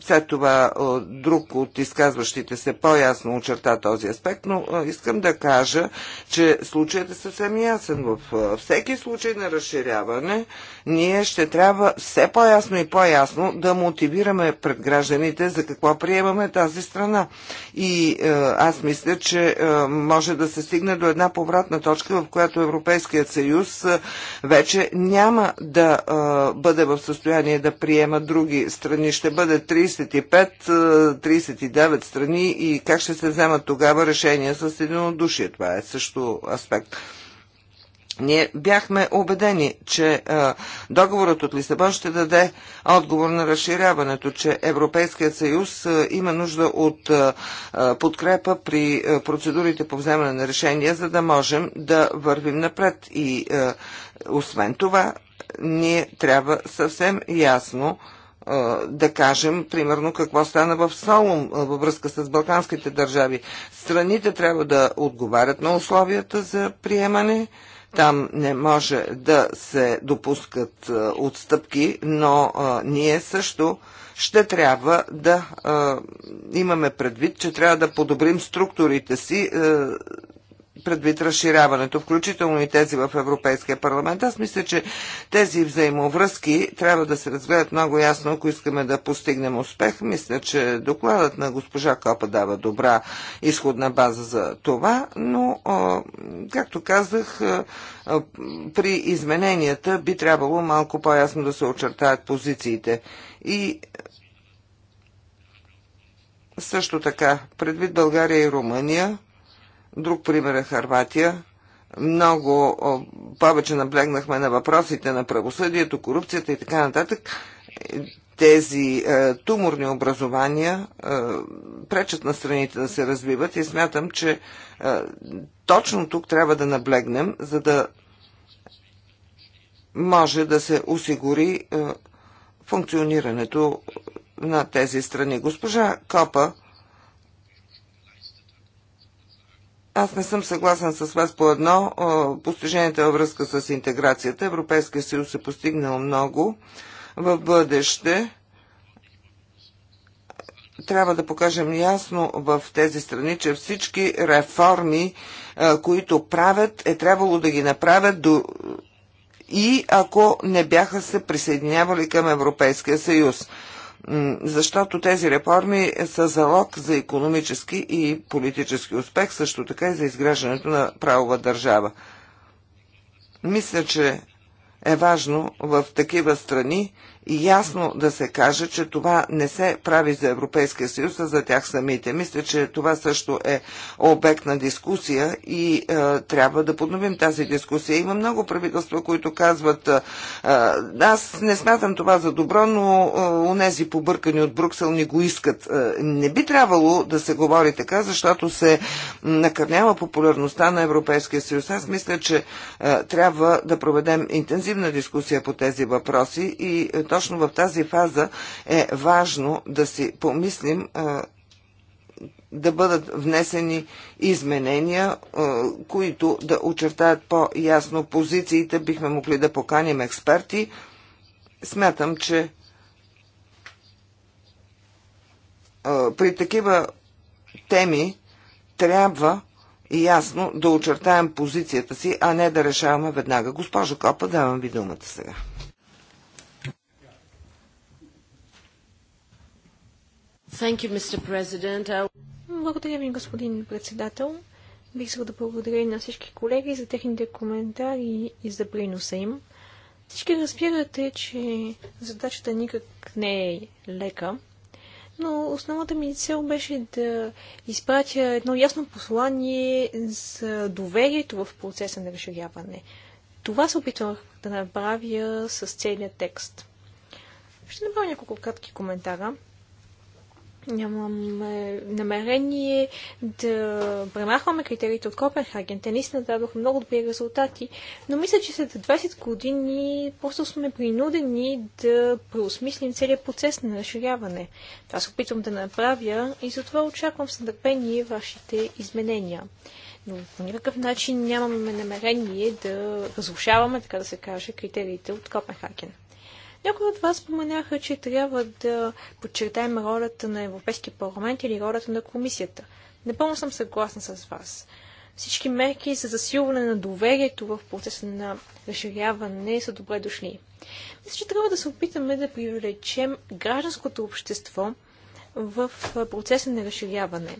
Speaker 2: след това е, друг от изказващите се по-ясно очерта този аспект, но е, искам да кажа, че случаят е съвсем ясен. В всеки случай на разширяване ние ще трябва все по-ясно и по-ясно да мотивираме пред гражданите за какво приемаме тази страна. И аз мисля, че може да се стигне до една повратна точка, в която Европейският съюз вече няма да бъде в състояние да приема други страни страни, ще бъде 35-39 страни и как ще се вземат тогава решения с единодушие. Това е също аспект. Ние бяхме убедени, че а, договорът от Лисабон ще даде отговор на разширяването, че Европейският съюз а, има нужда от а, подкрепа при а, процедурите по вземане на решения, за да можем да вървим напред. И а, освен това, ние трябва съвсем ясно а, да кажем, примерно, какво стана в Солун във връзка с балканските държави. Страните трябва да отговарят на условията за приемане. Там не може да се допускат отстъпки, но ние също ще трябва да имаме предвид, че трябва да подобрим структурите си предвид разширяването, включително и тези в Европейския парламент. Аз мисля, че тези взаимовръзки трябва да се разгледат много ясно, ако искаме да постигнем успех. Мисля, че докладът на госпожа Копа дава добра изходна база за това, но, както казах, при измененията би трябвало малко по-ясно да се очертаят позициите. И също така, предвид България и Румъния, Друг пример е Харватия. Много повече наблегнахме на въпросите на правосъдието, корупцията и така нататък. Тези е, туморни образования е, пречат на страните да се развиват и смятам, че е, точно тук трябва да наблегнем, за да може да се осигури е, функционирането на тези страни. Госпожа Копа Аз не съм съгласен с вас по едно. Постиженията във връзка с интеграцията. Европейския съюз е постигнал много. В бъдеще трябва да покажем ясно в тези страни, че всички реформи, които правят, е трябвало да ги направят до и ако не бяха се присъединявали към Европейския съюз защото тези реформи са залог за економически и политически успех, също така и за изграждането на правова държава. Мисля, че е важно в такива страни ясно да се каже, че това не се прави за Европейския съюз, а за тях самите. Мисля, че това също е обект на дискусия и е, трябва да подновим тази дискусия. Има много правителства, които казват, е, е аз не смятам това за добро, но е, унези побъркани от Бруксел ни го искат. Е, не би трябвало да се говори така, защото се накърнява популярността на Европейския съюз. Аз мисля, че е, трябва да проведем интензивна дискусия по тези въпроси и е, точно в тази фаза е важно да си помислим да бъдат внесени изменения, които да очертаят по-ясно позициите. Бихме могли да поканим експерти. Смятам, че при такива теми трябва ясно да очертаем позицията си, а не да решаваме веднага. Госпожо Копа, давам ви думата сега.
Speaker 1: You, Благодаря ви, господин председател. Бих искал да благодаря и на всички колеги за техните коментари и за приноса им. Всички разбирате, че задачата никак не е лека, но основната ми цел беше да изпратя едно ясно послание за доверието в процеса на разширяване. Това се опитвах да направя с целият текст. Ще направя няколко кратки коментара нямаме намерение да премахваме критериите от Копенхаген. Те наистина дадоха много добри резултати, но мисля, че след 20 години просто сме принудени да преосмислим целият процес на разширяване. Това се опитвам да направя и затова очаквам с нетърпение вашите изменения. Но по никакъв начин нямаме намерение да разрушаваме, така да се каже, критериите от Копенхаген. Някои от вас споменаха, че трябва да подчертаем ролята на Европейския парламент или ролята на комисията. Напълно съм съгласна с вас. Всички мерки за засилване на доверието в процеса на разширяване са добре дошли. Мисля, че трябва да се опитаме да привлечем гражданското общество в процеса на разширяване.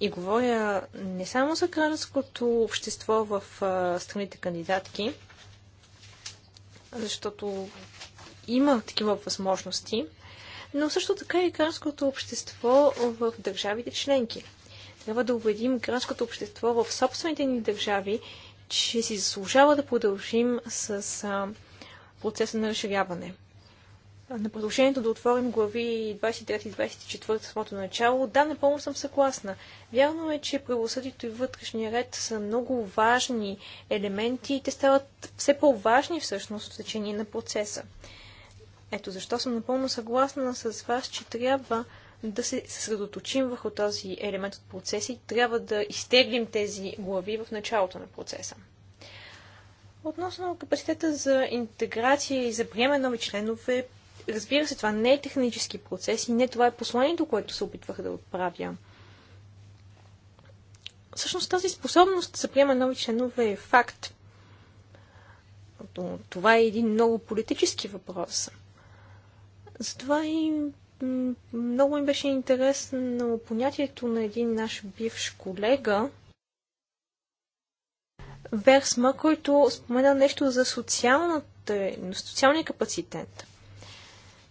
Speaker 1: И говоря не само за гражданското общество в страните кандидатки, защото има такива възможности, но също така и гражданското общество в държавите членки. Трябва да убедим гражданското общество в собствените ни държави, че си заслужава да продължим с а, процеса на разширяване. На продължението да отворим глави 23 и 24 в самото начало, да, напълно съм съгласна. Вярно е, че правосъдието и вътрешния ред са много важни елементи и те стават все по-важни всъщност в течение на процеса. Ето защо съм напълно съгласна с вас, че трябва да се съсредоточим върху този елемент от процеси и трябва да изтеглим тези глави в началото на процеса. Относно капацитета за интеграция и за приемане нови членове, разбира се, това не е технически процес и не това е посланието, което се опитвах да отправя. Всъщност тази способност за приемане нови членове е факт. Това е един много политически въпрос. Затова и много ми беше интересно понятието на един наш бивш колега, Версма, който спомена нещо за социалния капацитет.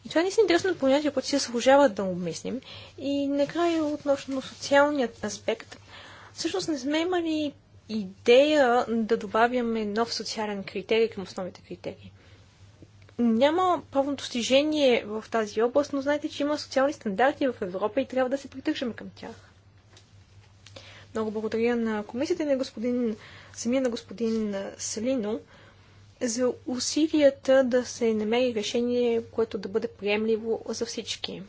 Speaker 1: И това е наистина интересно понятие, което се служава да обмислим. И накрая относно социалният аспект. Всъщност не сме имали идея да добавяме нов социален критерий към основните критерии няма пълно достижение в тази област, но знаете, че има социални стандарти в Европа и трябва да се придържаме към тях. Много благодаря на комисията и на господин, самия на господин Салино за усилията да се намери решение, което да бъде приемливо за всички.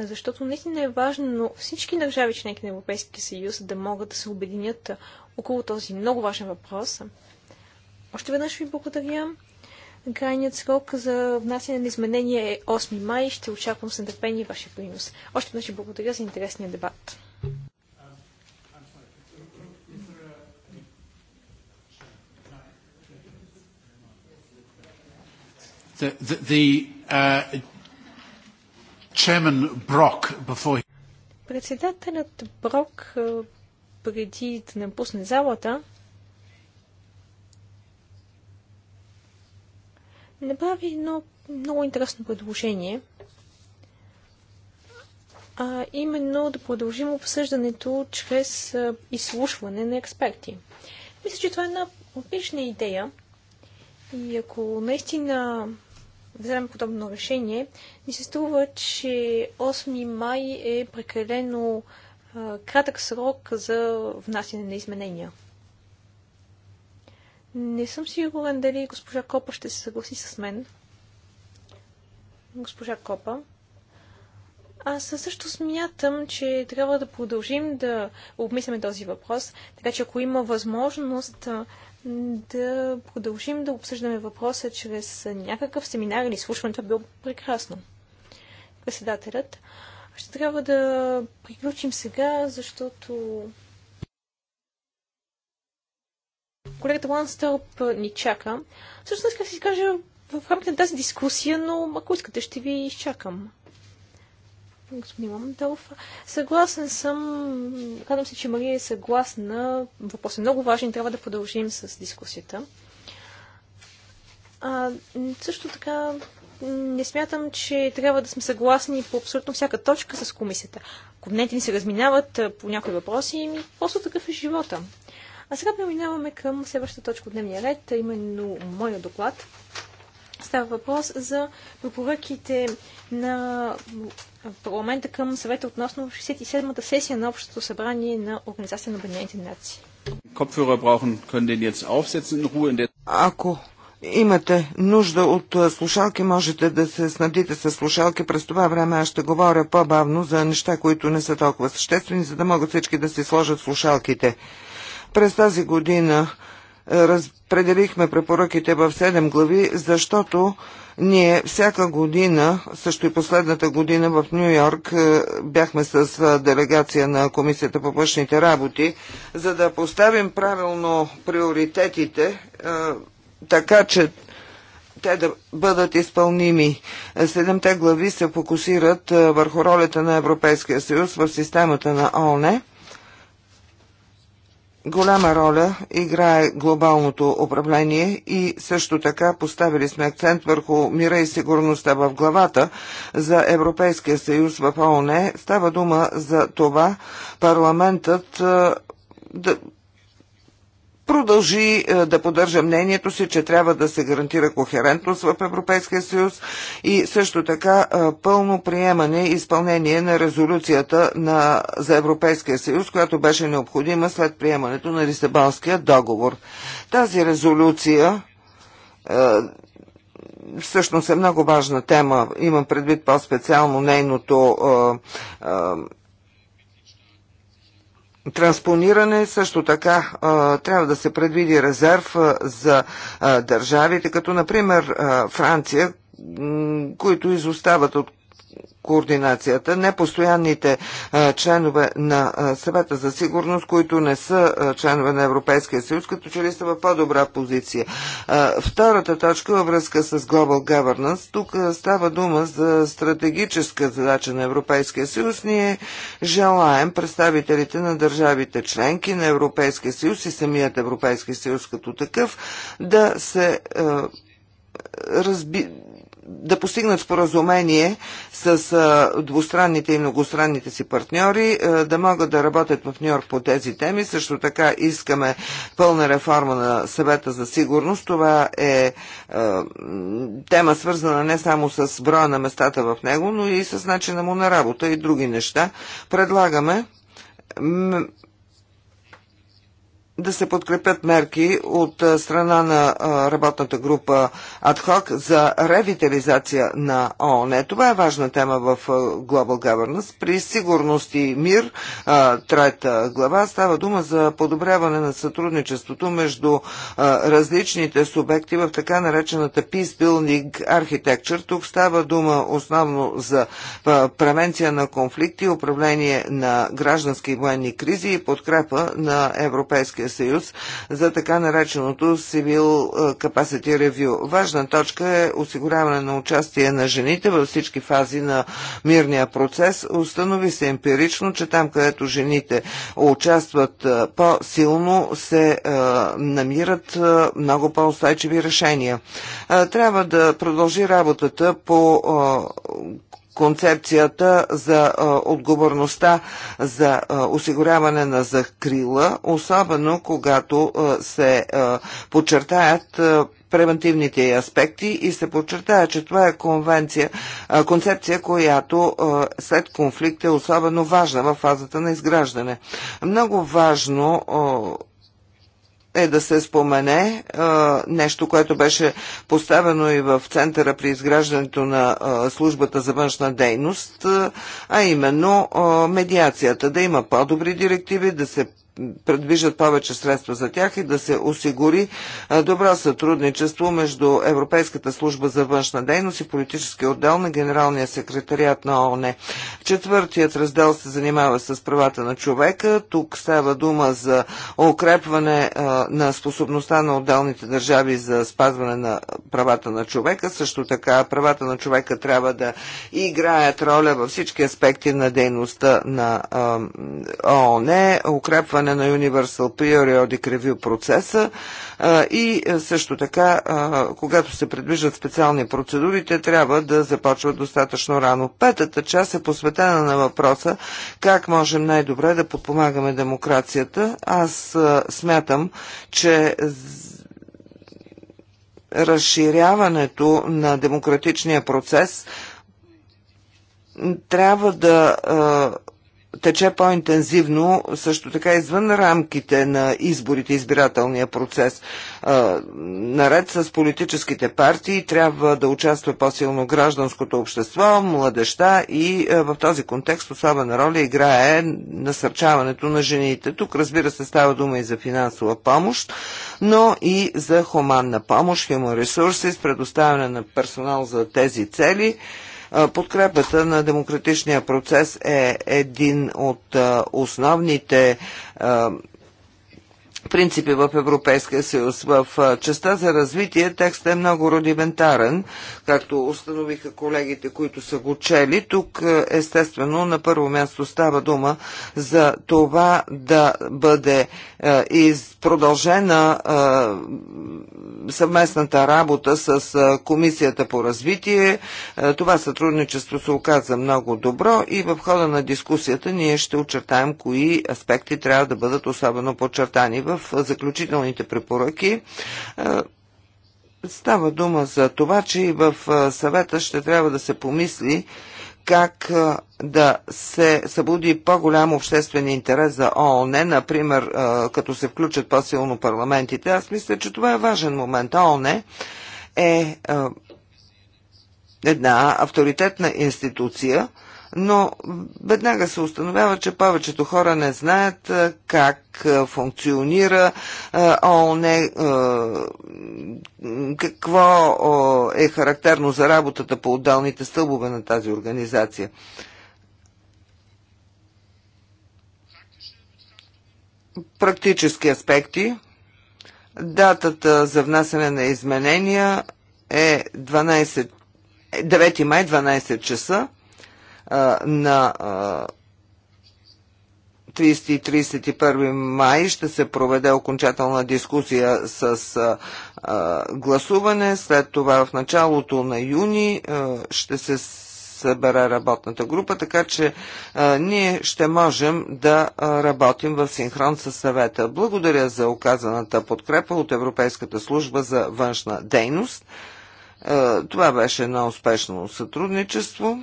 Speaker 1: Защото наистина е важно всички държави, членки на Европейския съюз, да могат да се обединят около този много важен въпрос. Още веднъж ви благодаря Крайният срок за внасяне на изменения е 8 май. Ще очаквам с нетърпение вашия принос. Още веднъж благодаря за интересния дебат.
Speaker 3: The, the, the, uh, Brock, before...
Speaker 1: Председателят Брок uh, преди да напусне залата направи едно много интересно предложение, а именно да продължим обсъждането чрез изслушване на експерти. Мисля, че това е една отлична идея и ако наистина вземем подобно решение, ми се струва, че 8 май е прекалено а, кратък срок за внасяне на изменения. Не съм сигурен дали госпожа Копа ще се съгласи с мен. Госпожа Копа. Аз също смятам, че трябва да продължим да обмисляме този въпрос, така че ако има възможност да продължим да обсъждаме въпроса чрез някакъв семинар или слушване, това било прекрасно. Председателят. Ще трябва да приключим сега, защото колегата Лан Стълб ни чака. Всъщност исках да си кажа в рамките на тази дискусия, но ако искате, ще ви изчакам. Господин Мамдалов, съгласен съм. казвам се, че Мария е съгласна. Въпрос е много важен. Трябва да продължим с дискусията. А, също така, не смятам, че трябва да сме съгласни по абсолютно всяка точка с комисията. Ако мнените ни се разминават по някои въпроси, просто такъв е живота. А сега преминаваме към следващата точка от дневния ред, именно моя доклад. Става въпрос за препоръките на парламента към съвета относно 67-та сесия на Общото събрание на Организация на Обединените нации.
Speaker 2: Е е Ако имате нужда от слушалки, можете да се снабдите с слушалки. През това време аз ще говоря по-бавно за неща, които не са толкова съществени, за да могат всички да си сложат слушалките. През тази година е, разпределихме препоръките в 7 глави, защото ние всяка година, също и последната година в Нью Йорк, е, бяхме с е, делегация на Комисията по външните работи, за да поставим правилно приоритетите, така че те да бъдат изпълними. Седемте глави се фокусират върху ролята на Европейския съюз в системата на ООН голяма роля играе глобалното управление и също така поставили сме акцент върху мира и сигурността в главата за Европейския съюз в ООН. Става дума за това парламентът да продължи е, да поддържа мнението си, че трябва да се гарантира кохерентност в Европейския съюз и също така е, пълно приемане и изпълнение на резолюцията на, за Европейския съюз, която беше необходима след приемането на Лисабонския договор. Тази резолюция е, всъщност е много важна тема. Имам предвид по-специално нейното транспониране също така трябва да се предвиди резерв за държавите, като например Франция, които изостават от координацията, непостоянните членове на съвета за сигурност, които не са членове на Европейския съюз, като че ли са в по-добра позиция. Втората точка във връзка с Global Governance. Тук става дума за стратегическа задача на Европейския съюз. Ние желаем представителите на държавите членки на Европейския съюз и самият Европейски съюз като такъв да се разби, да постигнат споразумение с двустранните и многостранните си партньори, да могат да работят в Нью Йорк по тези теми. Също така искаме пълна реформа на съвета за сигурност. Това е тема свързана не само с броя на местата в него, но и с начина му на работа и други неща. Предлагаме да се подкрепят мерки от страна на работната група АДХОК за ревитализация на ООН. Това е важна тема в Global Governance. При сигурност и мир, трета глава, става дума за подобряване на сътрудничеството между различните субекти в така наречената Peace Building Architecture. Тук става дума основно за превенция на конфликти, управление на граждански и военни кризи и подкрепа на Европейския Европейския съюз за така нареченото Civil е, Capacity Review. Важна точка е осигуряване на участие на жените във всички фази на мирния процес. Установи се емпирично, че там, където жените участват е, по-силно, се е, намират много по-устойчиви решения. Трябва да продължи работата по концепцията за а, отговорността за а, осигуряване на закрила, особено когато а, се а, подчертаят а, превентивните аспекти и се подчертая, че това е конвенция, концепция, която след конфликт е особено важна в фазата на изграждане. Много важно е да се спомене нещо, което беше поставено и в центъра при изграждането на службата за външна дейност, а именно медиацията. Да има по-добри директиви, да се предвиждат повече средства за тях и да се осигури добро сътрудничество между Европейската служба за външна дейност и политически отдел на Генералния секретариат на ООН. Четвъртият раздел се занимава с правата на човека. Тук става дума за укрепване на способността на отделните държави за спазване на правата на човека. Също така правата на човека трябва да играят роля във всички аспекти на дейността на ООН, укрепване прилагане на Universal Periodic Review процеса и е, също така, когато се предвиждат специални процедури, те трябва да започват достатъчно рано. Петата част е посветена на въпроса как можем най-добре да подпомагаме демокрацията. Аз е, смятам, че разширяването на демократичния процес трябва да е, тече по-интензивно, също така извън рамките на изборите, избирателния процес. наред с политическите партии трябва да участва по-силно гражданското общество, младеща и в този контекст особена роля играе насърчаването на жените. Тук разбира се става дума и за финансова помощ, но и за хуманна помощ, хеморесурси, с предоставяне на персонал за тези цели – Подкрепата на демократичния процес е един от основните принципи в Европейския съюз. В частта за развитие текстът е много рудиментарен, както установиха колегите, които са го чели. Тук естествено на първо място става дума за това да бъде продължена съвместната работа с Комисията по развитие. това сътрудничество се оказа много добро и в хода на дискусията ние ще очертаем кои аспекти трябва да бъдат особено подчертани в в заключителните препоръки. Е, става дума за това, че и в е, съвета ще трябва да се помисли как е, да се събуди по-голям обществен интерес за ООН, например, като се включат по-силно парламентите. Аз мисля, че това е важен момент. ООН е една авторитетна институция, но веднага се установява, че повечето хора не знаят как функционира ООН, какво е характерно за работата по отдалните стълбове на тази организация. Практически аспекти. Датата за внасяне на изменения е 12, 9 май 12 часа на 30 и 31 май ще се проведе окончателна дискусия с а, а, гласуване. След това в началото на юни а, ще се събере работната група, така че а, ние ще можем да работим в синхрон с съвета. Благодаря за оказаната подкрепа от Европейската служба за външна дейност. А, това беше едно успешно сътрудничество.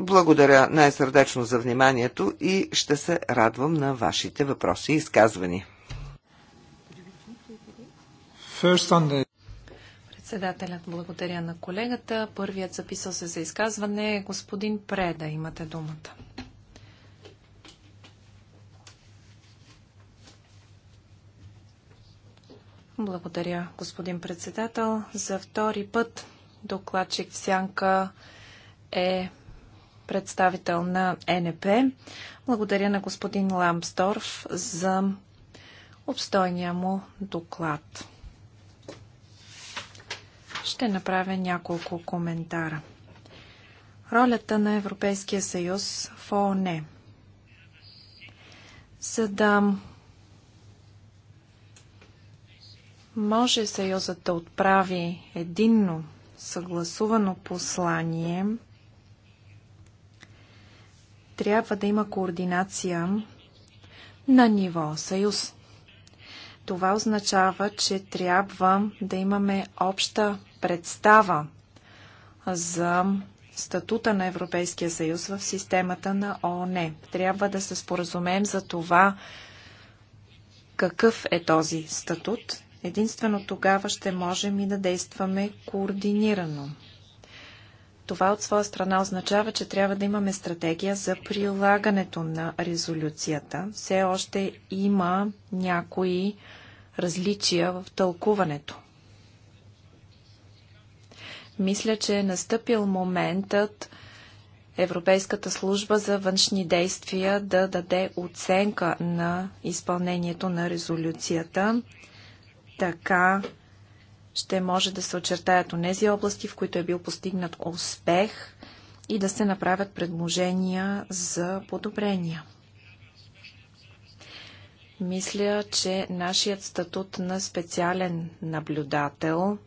Speaker 2: Благодаря най-сърдечно за вниманието и ще се радвам на вашите въпроси и изказвания.
Speaker 3: Председателят благодаря на колегата. Първият записал се за изказване е господин Преда. Имате думата. Благодаря, господин председател. За втори път докладчик в сянка е представител на НП. Благодаря на господин Ламсторф за обстойния му доклад. Ще направя няколко коментара. Ролята на Европейския съюз в ООН. За да може съюзът да отправи единно съгласувано послание – трябва да има координация на ниво съюз. Това означава, че трябва да имаме обща представа за статута на Европейския съюз в системата на ООН. Трябва да се споразумеем за това какъв е този статут. Единствено тогава ще можем и да действаме координирано. Това от своя страна означава, че трябва да имаме стратегия за прилагането на резолюцията. Все още има някои различия в тълкуването. Мисля, че е настъпил моментът Европейската служба за външни действия да даде оценка на изпълнението на резолюцията. Така ще може да се очертаят нези области, в които е бил постигнат успех и да се направят предложения за подобрения. Мисля, че нашият статут на специален наблюдател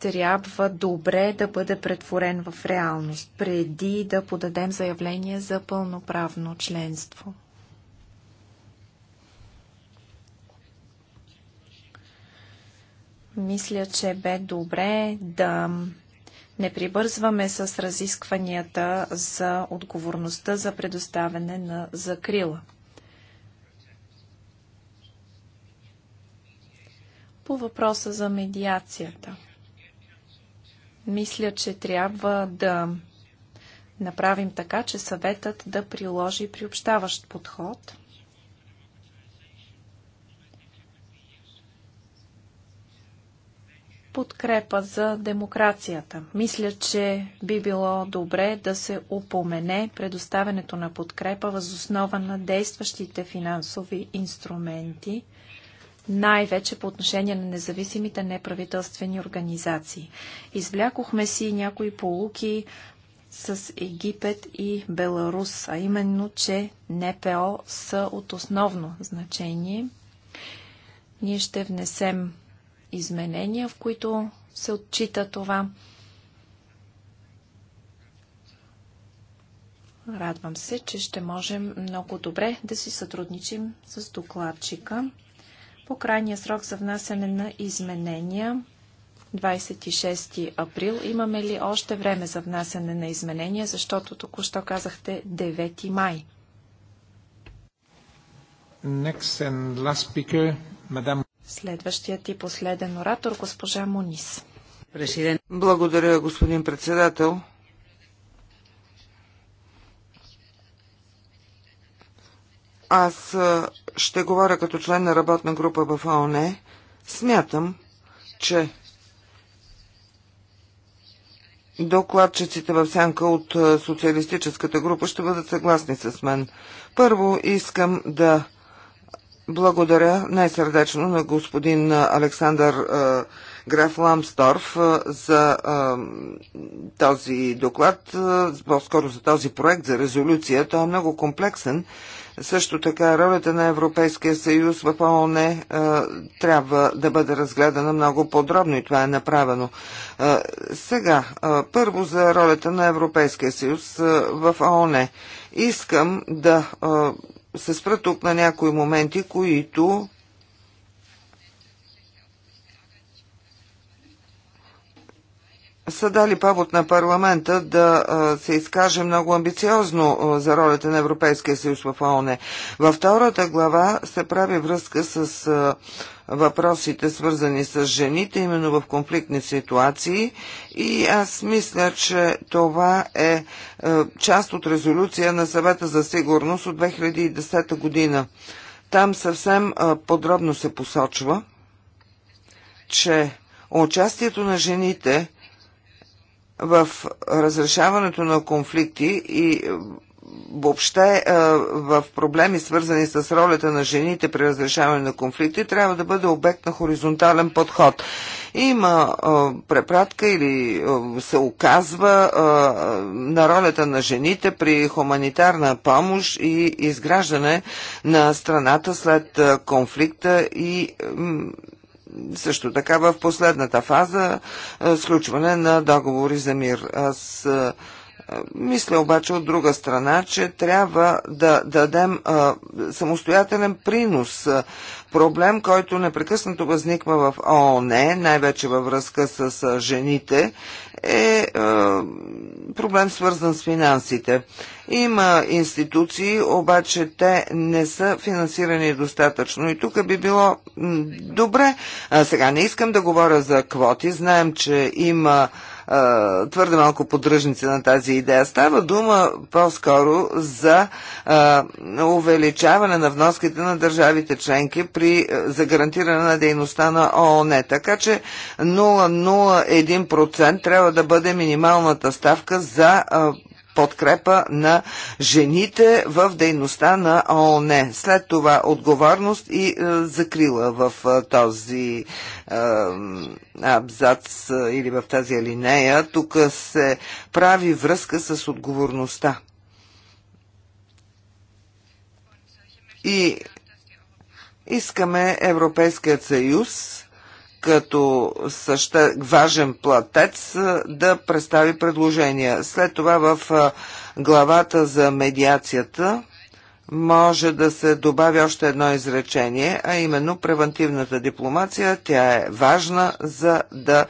Speaker 3: трябва добре да бъде претворен в реалност, преди да подадем заявление за пълноправно членство. Мисля, че бе добре да не прибързваме с разискванията за отговорността за предоставяне на закрила. По въпроса за медиацията. Мисля, че трябва да направим така, че съветът да приложи приобщаващ подход – подкрепа за демокрацията. Мисля, че би било добре да се упомене предоставянето на подкрепа възоснова на действащите финансови инструменти, най-вече по отношение на независимите неправителствени организации. Извлякохме си някои полуки с Египет и Беларус, а именно, че НПО са от основно значение. Ние ще внесем изменения, в които се отчита това. Радвам се, че ще можем много добре да си сътрудничим с докладчика. По крайния срок за внасяне на изменения 26 април. Имаме ли още време за внасяне на изменения, защото току-що казахте 9 май? Next and last speaker, Madame Следващият и последен оратор, госпожа Монис.
Speaker 2: Президент. Благодаря, господин председател. Аз ще говоря като член на работна група в ООН. Смятам, че докладчиците в сянка от социалистическата група ще бъдат съгласни с мен. Първо искам да благодаря най-сърдечно на господин Александър граф Ламсторф за този доклад, по-скоро за този проект за резолюция. Той е много комплексен. Също така ролята на Европейския съюз в ООН е, трябва да бъде разгледана много подробно и това е направено. Е, сега, е, първо за ролята на Европейския съюз е, в ООН. Искам да е, се спра тук на някои моменти, които са дали повод на парламента да се изкаже много амбициозно за ролята на Европейския съюз в ООН. Във втората глава се прави връзка с въпросите, свързани с жените, именно в конфликтни ситуации. И аз мисля, че това е част от резолюция на съвета за сигурност от 2010 година. Там съвсем подробно се посочва, че участието на жените в разрешаването на конфликти и въобще е, в проблеми свързани с ролята на жените при разрешаване на конфликти трябва да бъде обект на хоризонтален подход. Има е, препратка или е, се оказва на ролята на жените при хуманитарна помощ и изграждане на страната след конфликта и също така в последната фаза сключване на договори за мир. Аз мисля обаче от друга страна, че трябва да дадем самостоятелен принос. проблем, който непрекъснато възниква в ООН, най-вече във връзка с жените, е проблем свързан с финансите. Има институции, обаче те не са финансирани достатъчно и тук би било добре. сега не искам да говоря за квоти. Знаем, че има твърде малко поддръжници на тази идея. Става дума по-скоро за увеличаване на вноските на държавите членки при, за гарантиране на дейността на ООН. Така че 0,01% трябва да бъде минималната ставка за подкрепа на жените в дейността на ООН. След това отговорност и е, закрила в е, този е, абзац или в тази алинея. Тук се прави връзка с отговорността. И искаме Европейският съюз като съща, важен платец да представи предложения. След това в главата за медиацията може да се добави още едно изречение, а именно превентивната дипломация, тя е важна за да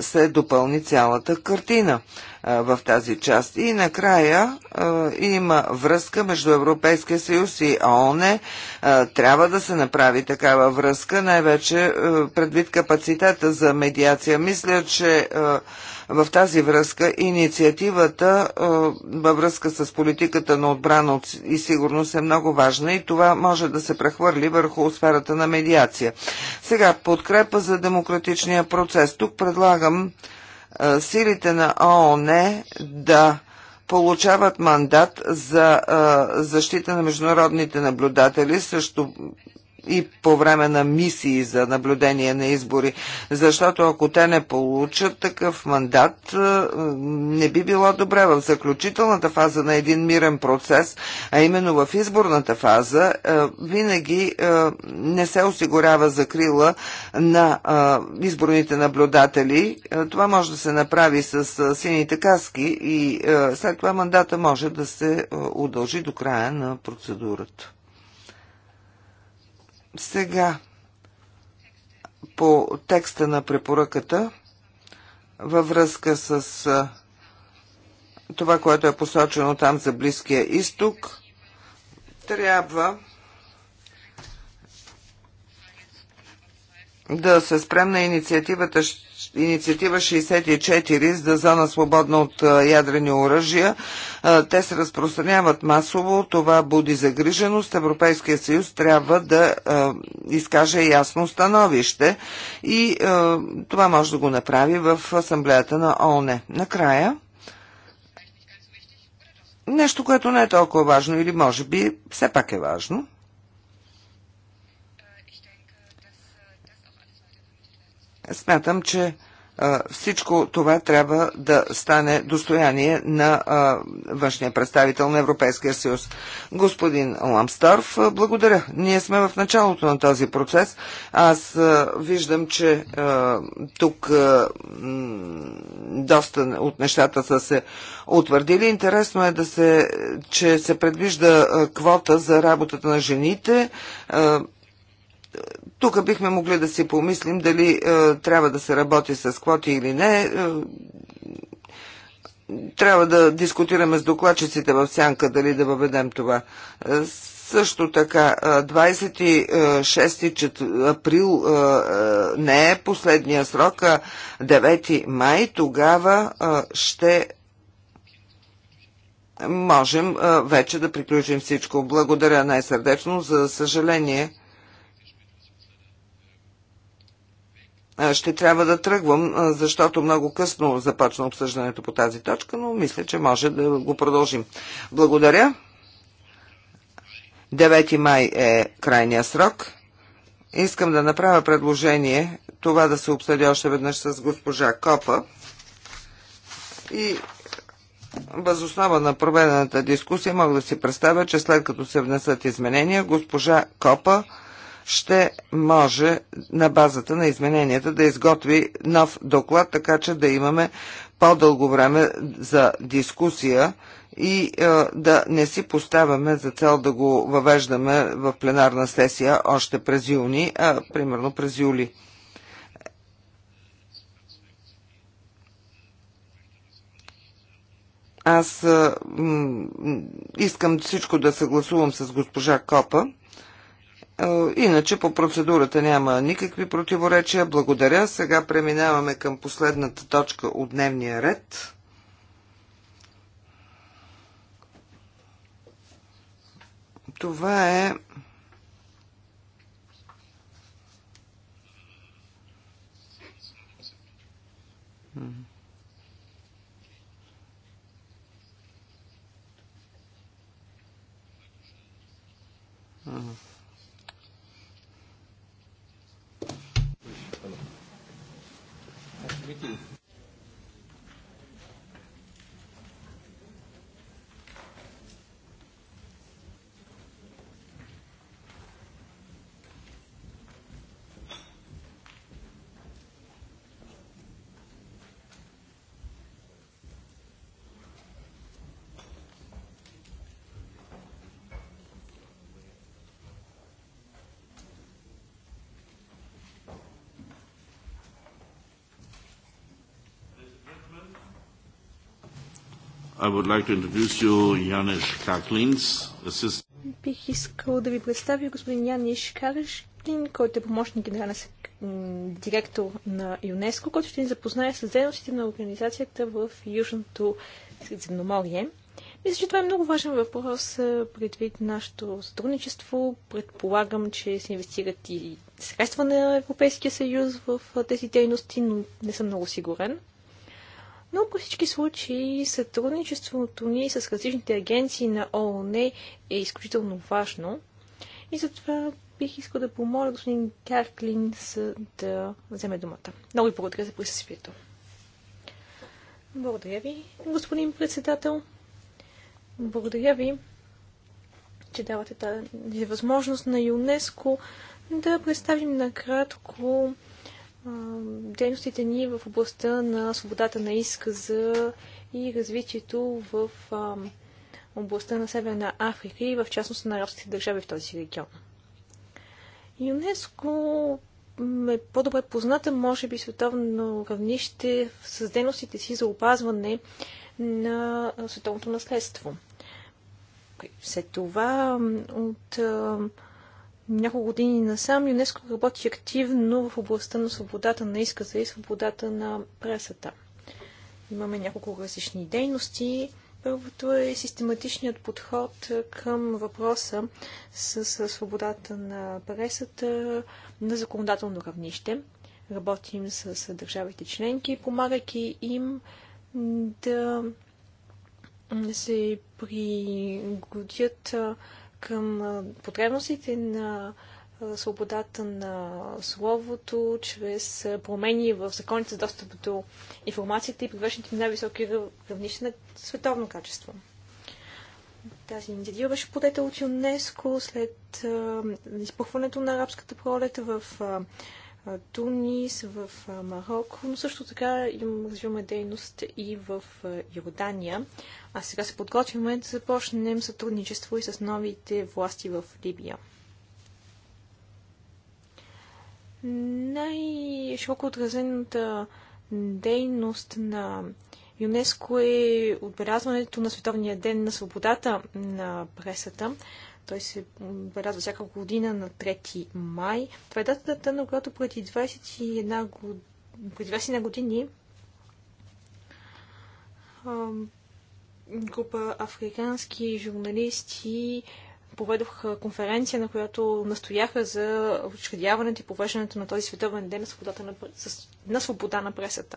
Speaker 2: се допълни цялата картина в тази част. И накрая има връзка между Европейския съюз и ООН. Трябва да се направи такава връзка, най-вече предвид капацитета за медиация. Мисля, че в тази връзка инициативата във връзка с политиката на отбрана и сигурност е много важна и това може да се прехвърли върху сферата на медиация. Сега подкрепа за демократичния процес. Тук предлагам силите на ООН да получават мандат за защита на международните наблюдатели, също и по време на мисии за наблюдение на избори, защото ако те не получат такъв мандат, е, не би било добре в заключителната фаза на един мирен процес, а именно в изборната фаза, е, винаги е, не се осигурява закрила на изборните наблюдатели. Това може да се направи с сините каски и след това мандата може да се удължи до края на процедурата. Сега по текста на препоръката във връзка с това, което е посочено там за Близкия изток, трябва да се спрем на инициативата инициатива 64 за зона свободна от ядрени оръжия. Те се разпространяват масово, това буди загриженост. Европейския съюз трябва да изкаже ясно становище и това може да го направи в Асамблеята на ООН. Накрая, нещо, което не е толкова важно или може би все пак е важно – Смятам, че всичко това трябва да стане достояние на външния представител на Европейския съюз. Господин Ламсторф, благодаря. Ние сме в началото на този процес. Аз виждам, че тук доста от нещата са се утвърдили. Интересно е да се, че се предвижда квота за работата на жените тук бихме могли да си помислим дали е, трябва да се работи с квоти или не. Е, трябва да дискутираме с докладчиците в сянка дали да въведем това. Е, също така, 26 е, април е, е, не е последния срок, а 9 май тогава ще можем вече да приключим всичко. Благодаря най-сърдечно. За съжаление, ще трябва да тръгвам, защото много късно започна обсъждането по тази точка, но мисля, че може да го продължим. Благодаря. 9 май е крайния срок. Искам да направя предложение това да се обсъди още веднъж с госпожа Копа и Възоснова на проведената дискусия мога да си представя, че след като се внесат изменения, госпожа Копа ще може на базата на измененията да изготви нов доклад, така че да имаме по-дълго време за дискусия и е, да не си поставяме за цел да го въвеждаме в пленарна сесия още през юни, а примерно през юли. Аз искам всичко да съгласувам с госпожа Копа. Е, иначе по процедурата няма никакви противоречия. Благодаря. Сега преминаваме към последната точка от дневния ред. Това е Mm-hmm. Meeting. I would like to introduce you Kaklins, assistant.
Speaker 1: Бих искал да ви представя господин Яниш Карешкин, който е помощник генерален директор на ЮНЕСКО, който ще ни запознае с дейностите на организацията в Южното Средиземноморие. Мисля, че това е много важен въпрос предвид нашето сътрудничество. Предполагам, че се инвестират и средства на Европейския съюз в тези дейности, но не съм много сигурен. Но по всички случаи сътрудничеството ни с различните агенции на ООН е изключително важно. И затова бих искал да помоля господин Карклин да вземе думата. Много ви благодаря за присъствието. Благодаря ви, господин председател. Благодаря ви, че давате тази възможност на ЮНЕСКО да представим накратко дейностите ни в областта на свободата на изказа и развитието в областта на Северна Африка и в частност на арабските държави в този регион. ЮНЕСКО е по-добре позната, може би, световно равнище с дейностите си за опазване на световното наследство. След това от няколко години насам ЮНЕСКО работи активно в областта на свободата на изказа и свободата на пресата. Имаме няколко различни дейности. Първото е систематичният подход към въпроса с, свободата на пресата на законодателно равнище. Работим с държавите членки, помагайки им да се пригодят към потребностите на свободата на словото, чрез промени в законите за достъп до информацията и привършените на най-високи равнища на световно качество. Тази инициатива беше подета от ЮНЕСКО след изпухването на арабската пролет в Тунис, в Марокко, но също така имаме дейност и в Йордания. А сега се подготвяме да започнем сътрудничество и с новите власти в Либия. Най-широко отразената дейност на ЮНЕСКО е отбелязването на Световния ден на свободата на пресата. Той се отбелязва всяка година на 3 май. Това е датата, на която преди 21 преди 21 години група африкански журналисти поведох конференция, на която настояха за учредяването и повеждането на този световен ден на свободата на, на свобода на пресата.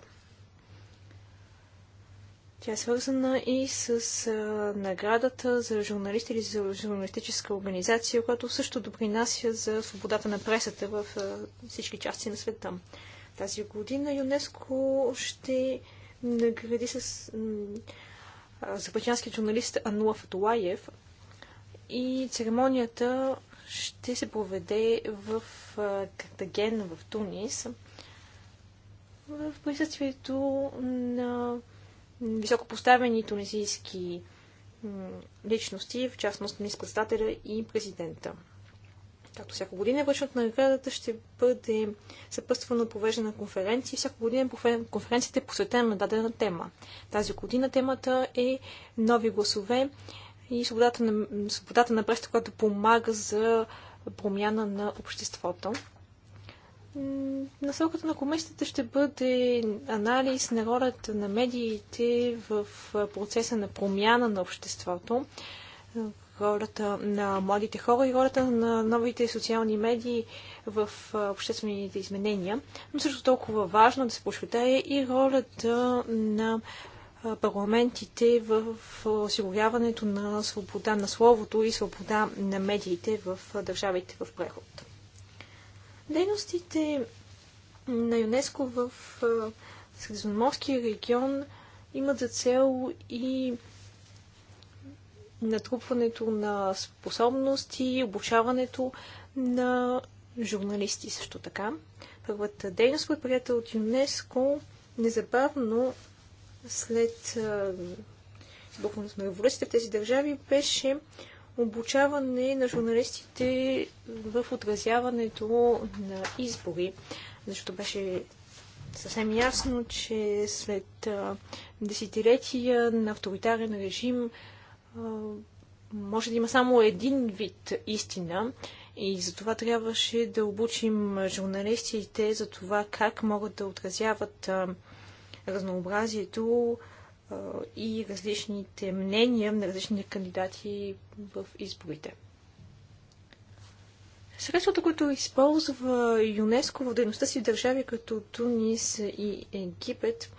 Speaker 1: Тя е свързана и с а, наградата за журналист или за журналистическа организация, която също допринася за свободата на пресата в а, всички части на света. Тази година ЮНЕСКО ще награди с азербайджанския журналист Ануа Фатулаев и церемонията ще се проведе в а, Картаген в Тунис в присъствието на високопоставени тунезийски личности, в частност на председателя и президента. Както всяка година, връщането на наградата ще бъде съпътствано провеждане на конференции. Всяка година конференцията е посветена на дадена тема. Тази година темата е нови гласове и свободата на, свободата на преста, която помага за промяна на обществото. Насоката на комисията ще бъде анализ на ролята на медиите в процеса на промяна на обществото, ролята на младите хора и ролята на новите социални медии в обществените изменения. Но също толкова важно да се посветае и ролята на парламентите в осигуряването на свобода на словото и свобода на медиите в държавите в преход. Дейностите на ЮНЕСКО в Средиземноморския регион имат за цел и натрупването на способности, обучаването на журналисти също така. Първата дейност, предприята от ЮНЕСКО, незабавно след избухването на революцията в тези държави, беше обучаване на журналистите в отразяването на избори, защото беше съвсем ясно, че след десетилетия на авторитарен режим може да има само един вид истина и за това трябваше да обучим журналистите за това как могат да отразяват разнообразието и различните мнения на различните кандидати в изборите. Средството, което използва ЮНЕСКО в дейността си в държави като Тунис и Египет,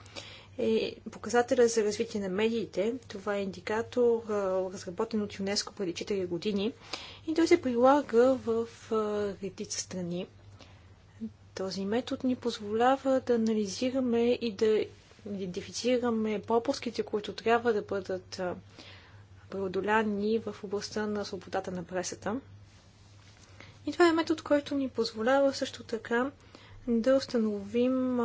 Speaker 1: е показателя за развитие на медиите. Това е индикатор, разработен от ЮНЕСКО преди 4 години и той се прилага в редица страни. Този метод ни позволява да анализираме и да идентифицираме пропуските, които трябва да бъдат преодоляни в областта на свободата на пресата. И това е метод, който ни позволява също така да установим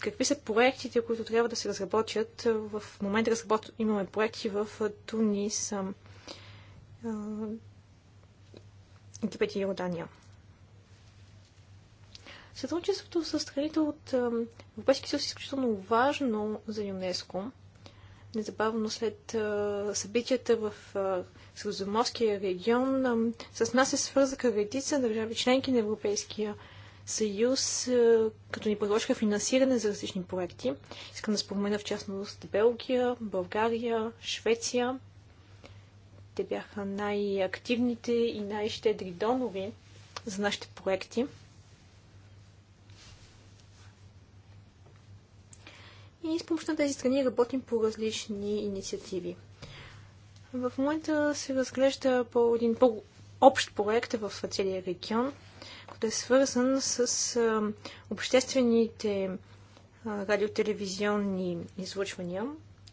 Speaker 1: какви са проектите, които трябва да се разработят. В момента разработ... имаме проекти в Тунис, Египет и Родания. Сътрудничеството с страните от Европейския съюз е изключително важно за ЮНЕСКО. Незабавно след събитията в Средоземорския регион с нас се свързаха редица държави членки на Европейския съюз, като ни предложиха финансиране за различни проекти. Искам да спомена в частност Белгия, България, Швеция. Те бяха най-активните и най-щедри донори за нашите проекти. и с помощта на тези страни работим по различни инициативи. В момента се разглежда по един по-общ проект в целия регион, който е свързан с обществените радиотелевизионни излъчвания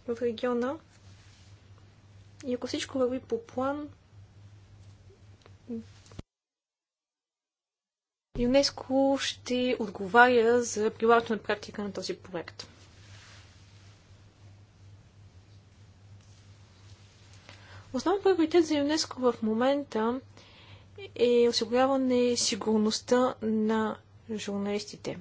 Speaker 1: в региона. И ако всичко върви по план, ЮНЕСКО ще отговаря за прилагането на практика на този проект. Основен приоритет за ЮНЕСКО в момента е осигуряване сигурността на журналистите.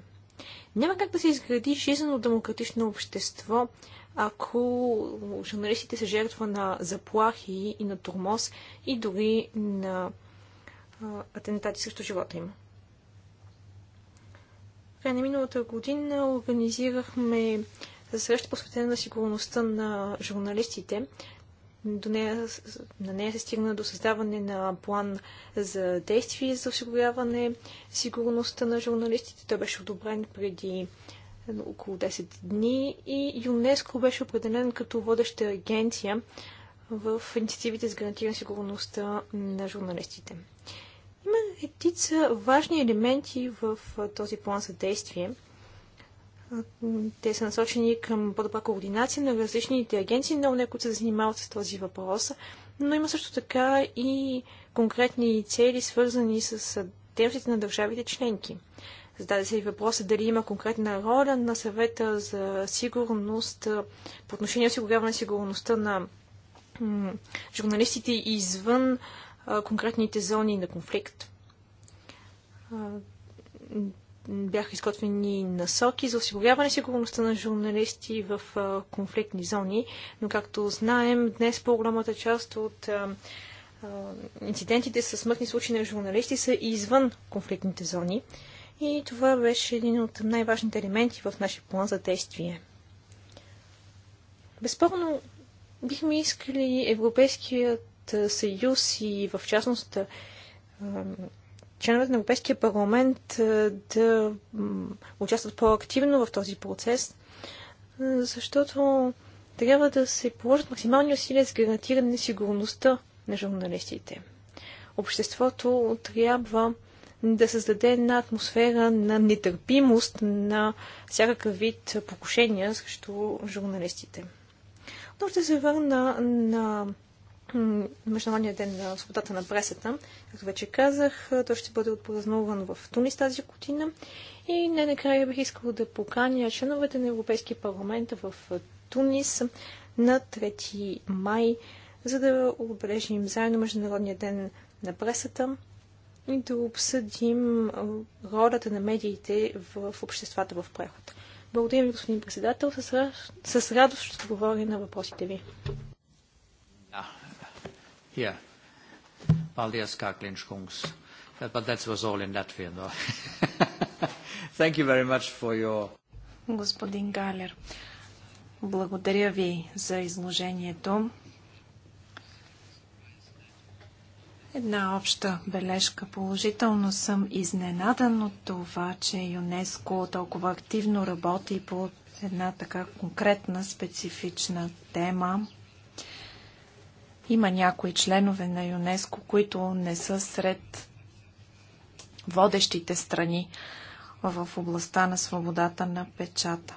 Speaker 1: Няма как да се изгради жизнено демократично общество, ако журналистите са жертва на заплахи и на турмоз и дори на атентати срещу живота им. Край на миналата година организирахме за среща посветена на сигурността на журналистите до нея, на нея се стигна до създаване на план за действие за осигуряване сигурността на журналистите. Той беше одобрен преди около 10 дни и ЮНЕСКО беше определен като водеща агенция в инициативите за гарантиране сигурността на журналистите. Има редица важни елементи в този план за действие – те са насочени към по-добра координация на различните агенции, на не, които се занимават с този въпрос, но има също така и конкретни цели, свързани с дейностите на държавите членки. Зададе се и въпроса дали има конкретна роля на съвета за сигурност по отношение осигуряване на сигурността на журналистите извън конкретните зони на конфликт бяха изготвени насоки за осигуряване сигурността на журналисти в конфликтни зони, но както знаем, днес по-голямата част от инцидентите със смъртни случаи на журналисти са извън конфликтните зони. И това беше един от най-важните елементи в нашия план за действие. Безспорно, бихме искали Европейският съюз и в частност членовете на Европейския парламент е, да участват по-активно в този процес, е, защото трябва да се положат максимални усилия за гарантиране на сигурността на журналистите. Обществото трябва да създаде една атмосфера на нетърпимост на всякакъв вид покушения срещу журналистите. Но ще се върна на Международния ден на свободата на пресата. Както вече казах, той ще бъде отпразнуван в Тунис тази година. И не накрая бих искала да поканя членовете на Европейския парламент в Тунис на 3 май, за да обележим заедно Международния ден на пресата и да обсъдим ролята на медиите в обществата в преход. Благодаря ви, господин председател. С радост ще отговоря на въпросите ви.
Speaker 3: Here. Paldies, Kaklinš kungs. But that was all in Latvian,
Speaker 2: though. Thank you very much for your...
Speaker 3: Господин Галер, благодаря ви за изложението. Една обща бележка. Положително съм изненадан от това, че ЮНЕСКО толкова активно работи по една така конкретна, специфична тема. Има някои членове на ЮНЕСКО, които не са сред водещите страни в областта на свободата на печата.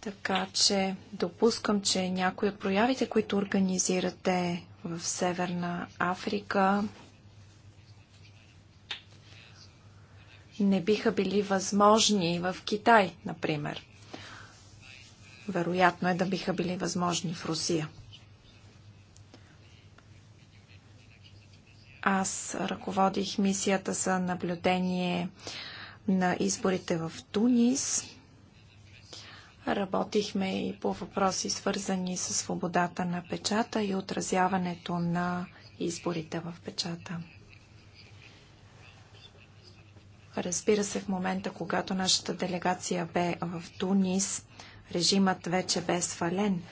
Speaker 3: Така че допускам, че някои от проявите, които организирате в Северна Африка, не биха били възможни в Китай, например вероятно е да биха били възможни в Русия. Аз ръководих мисията за наблюдение на изборите в Тунис. Работихме и по въпроси, свързани с свободата на печата и отразяването на изборите в печата. Разбира се, в момента, когато нашата делегация бе в Тунис, режимът вече бе свален,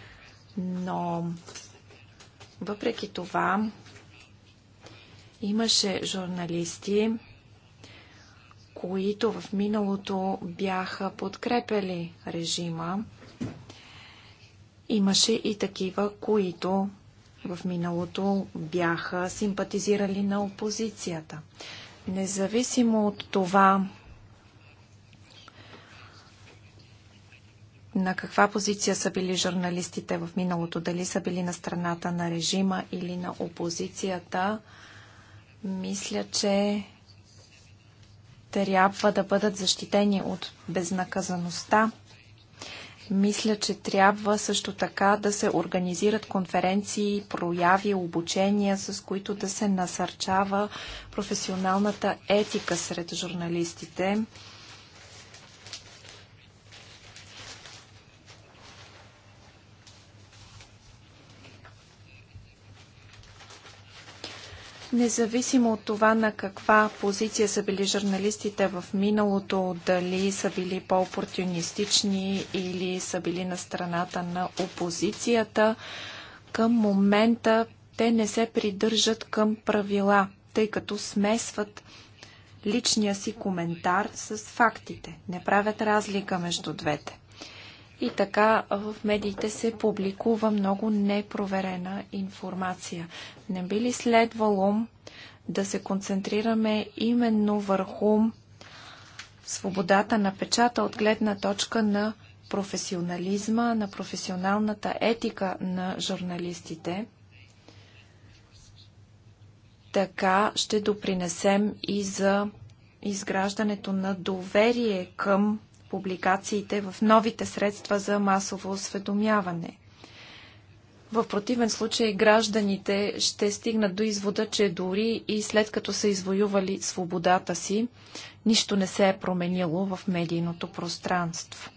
Speaker 3: но въпреки това имаше журналисти, които в миналото бяха подкрепили режима. Имаше и такива, които в миналото бяха симпатизирали на опозицията. Независимо от това, на каква позиция са били журналистите в миналото, дали са били на страната на режима или на опозицията, мисля, че трябва да бъдат защитени от безнаказаността. Мисля, че трябва също така да се организират конференции, прояви, обучения, с които да се насърчава професионалната етика сред журналистите. Независимо от това на каква позиция са били журналистите в миналото, дали са били по-опортунистични или са били на страната на опозицията, към момента те не се придържат към правила, тъй като смесват личния си коментар с фактите. Не правят разлика между двете. И така в медиите се публикува много непроверена информация. Не би ли следвало да се концентрираме именно върху свободата на печата от гледна точка на професионализма, на професионалната етика на журналистите. Така ще допринесем и за изграждането на доверие към публикациите в новите средства за масово осведомяване. В противен случай гражданите ще стигнат до извода, че дори и след като са извоювали свободата си, нищо не се е променило в медийното пространство.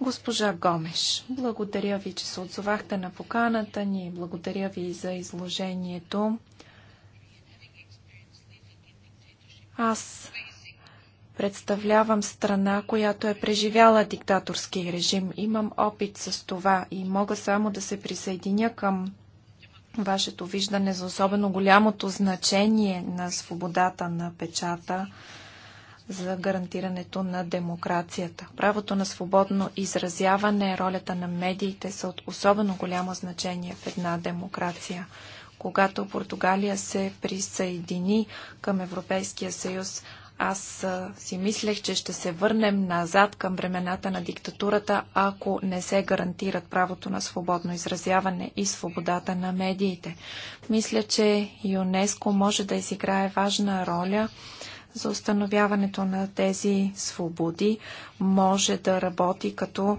Speaker 3: Госпожа Гомеш, благодаря ви, че се отзовахте на поканата ни, благодаря ви за изложението. Аз Представлявам страна, която е преживяла диктаторски режим. Имам опит с това и мога само да се присъединя към вашето виждане за особено голямото значение на свободата на печата за гарантирането на демокрацията. Правото на свободно изразяване, ролята на медиите са от особено голямо значение в една демокрация. Когато Португалия се присъедини към Европейския съюз, аз си мислех, че ще се върнем назад към времената на диктатурата, ако не се гарантират правото на свободно изразяване и свободата на медиите. Мисля, че ЮНЕСКО може да изиграе важна роля за установяването на тези свободи, може да работи като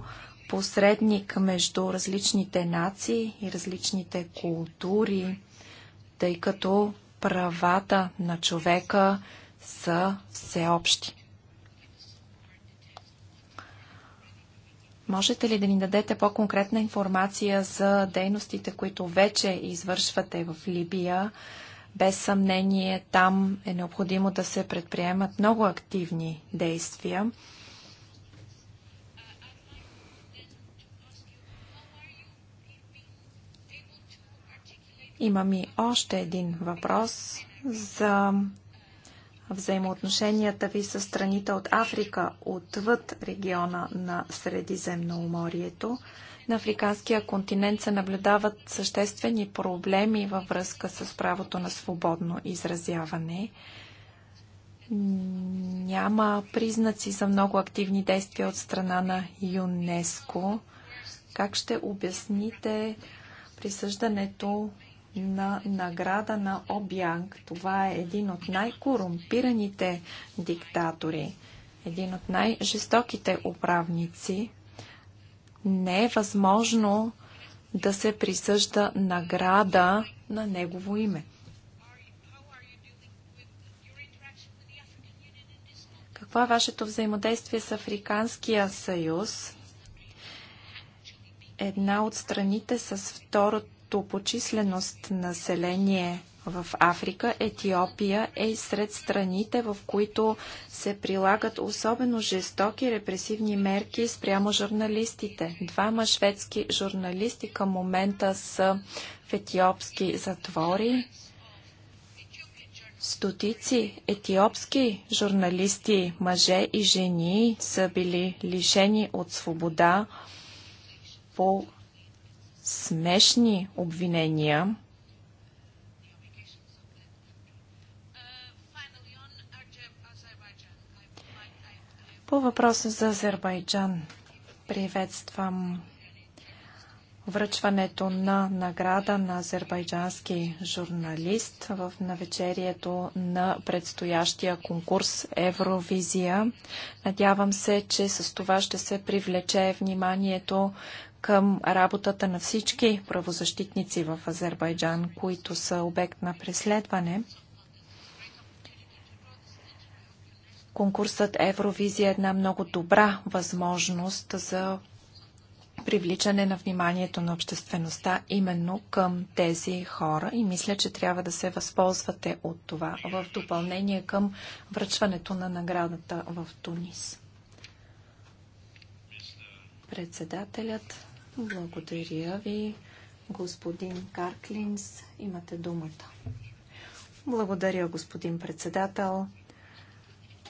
Speaker 3: посредник между различните нации и различните култури, тъй като правата на човека са всеобщи. Можете ли да ни дадете по-конкретна информация за дейностите, които вече извършвате в Либия? Без съмнение, там е необходимо да се предприемат много активни действия. Имам и още един въпрос за взаимоотношенията ви с страните от Африка, отвъд региона на Средиземноморието. На африканския континент се наблюдават съществени проблеми във връзка с правото на свободно изразяване. Няма признаци за много активни действия от страна на ЮНЕСКО. Как ще обясните присъждането на награда на Обянг. Това е един от най-корумпираните диктатори, един от най-жестоките управници. Не е възможно да се присъжда награда на негово име. Каква е вашето взаимодействие с Африканския съюз? Една от страните с второто като по численост население в Африка, Етиопия е сред страните, в които се прилагат особено жестоки репресивни мерки спрямо журналистите. Двама шведски журналисти към момента са в етиопски затвори. Стотици етиопски журналисти, мъже и жени са били лишени от свобода по смешни обвинения. По въпроса за Азербайджан приветствам връчването на награда на азербайджански журналист в навечерието на предстоящия конкурс Евровизия. Надявам се, че с това ще се привлече вниманието към работата на всички правозащитници в Азербайджан, които са обект на преследване. Конкурсът Евровизия е една много добра възможност за привличане на вниманието на обществеността именно към тези хора и мисля, че трябва да се възползвате от това в допълнение към връчването на наградата в Тунис. Председателят благодаря ви, господин Карклинс. Имате думата. Благодаря, господин председател.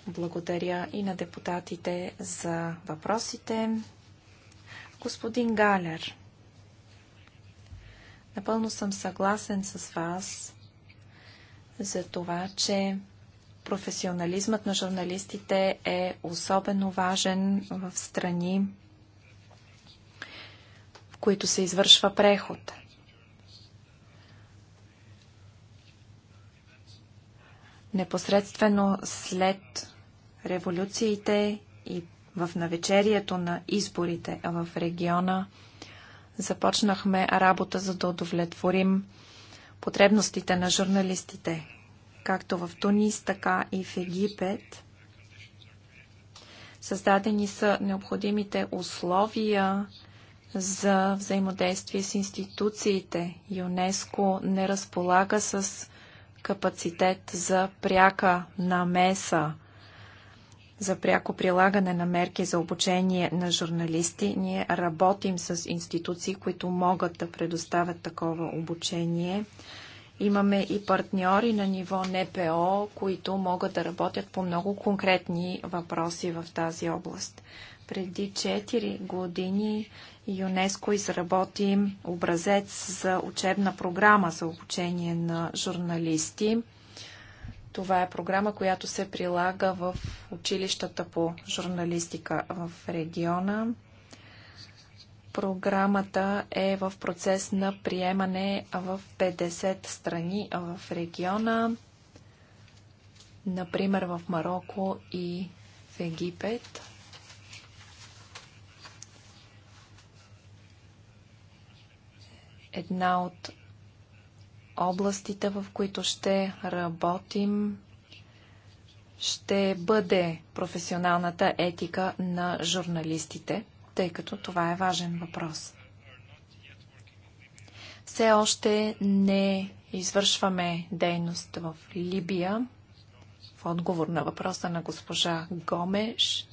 Speaker 3: Благодаря и на депутатите за въпросите. Господин Галер, напълно съм съгласен с вас за това, че професионализмът на журналистите е особено важен в страни, които се извършва преход. Непосредствено след революциите и в навечерието на изборите в региона започнахме работа, за да удовлетворим потребностите на журналистите, както в Тунис, така и в Египет. Създадени са необходимите условия за взаимодействие с институциите. ЮНЕСКО не разполага с капацитет за пряка намеса, за пряко прилагане на мерки за обучение на журналисти. Ние работим с институции, които могат да предоставят такова обучение. Имаме и партньори на ниво НПО, които могат да работят по много конкретни въпроси в тази област. Преди 4 години ЮНЕСКО изработи образец за учебна програма за обучение на журналисти. Това е програма, която се прилага в училищата по журналистика в региона. Програмата е в процес на приемане в 50 страни в региона, например в Марокко и в Египет. една от областите, в които ще работим, ще бъде професионалната етика на журналистите, тъй като това е важен въпрос. Все още не извършваме дейност в Либия. В отговор на въпроса на госпожа Гомеш,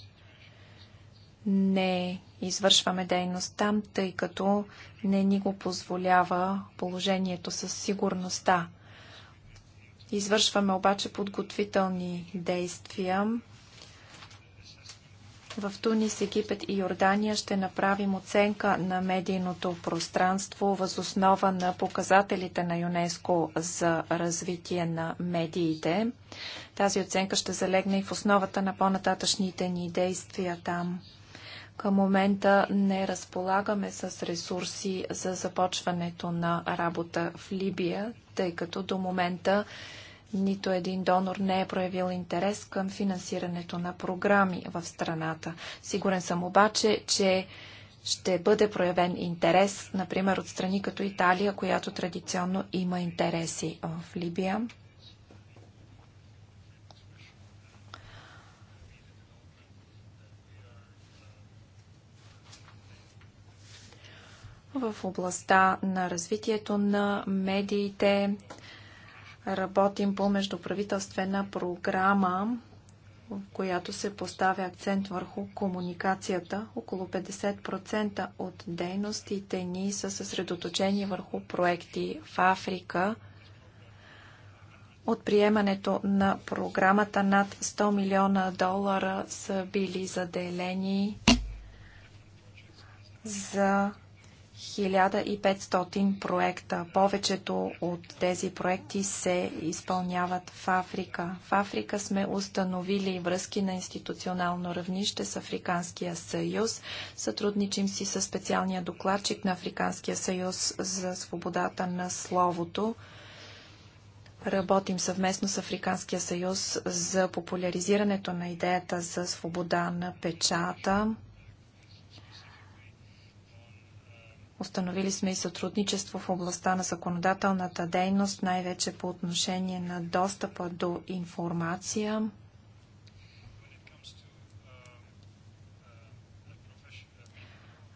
Speaker 3: не извършваме дейност там, тъй като не ни го позволява положението със сигурността. Извършваме обаче подготвителни действия. В Тунис, Египет и Йордания ще направим оценка на медийното пространство възоснова на показателите на ЮНЕСКО за развитие на медиите. Тази оценка ще залегне и в основата на по-нататъчните ни действия там. Към момента не разполагаме с ресурси за започването на работа в Либия, тъй като до момента нито един донор не е проявил интерес към финансирането на програми в страната. Сигурен съм обаче, че ще бъде проявен интерес, например от страни като Италия, която традиционно има интереси в Либия. в областта на развитието на медиите. Работим по междуправителствена програма, в която се поставя акцент върху комуникацията. Около 50% от дейностите ни са съсредоточени върху проекти в Африка. От приемането на програмата над 100 милиона долара са били заделени за 1500 проекта. Повечето от тези проекти се изпълняват в Африка. В Африка сме установили връзки на институционално равнище с Африканския съюз. Сътрудничим си с специалния докладчик на Африканския съюз за свободата на словото. Работим съвместно с Африканския съюз за популяризирането на идеята за свобода на печата Установили сме и сътрудничество в областта на законодателната дейност, най-вече по отношение на достъпа до информация.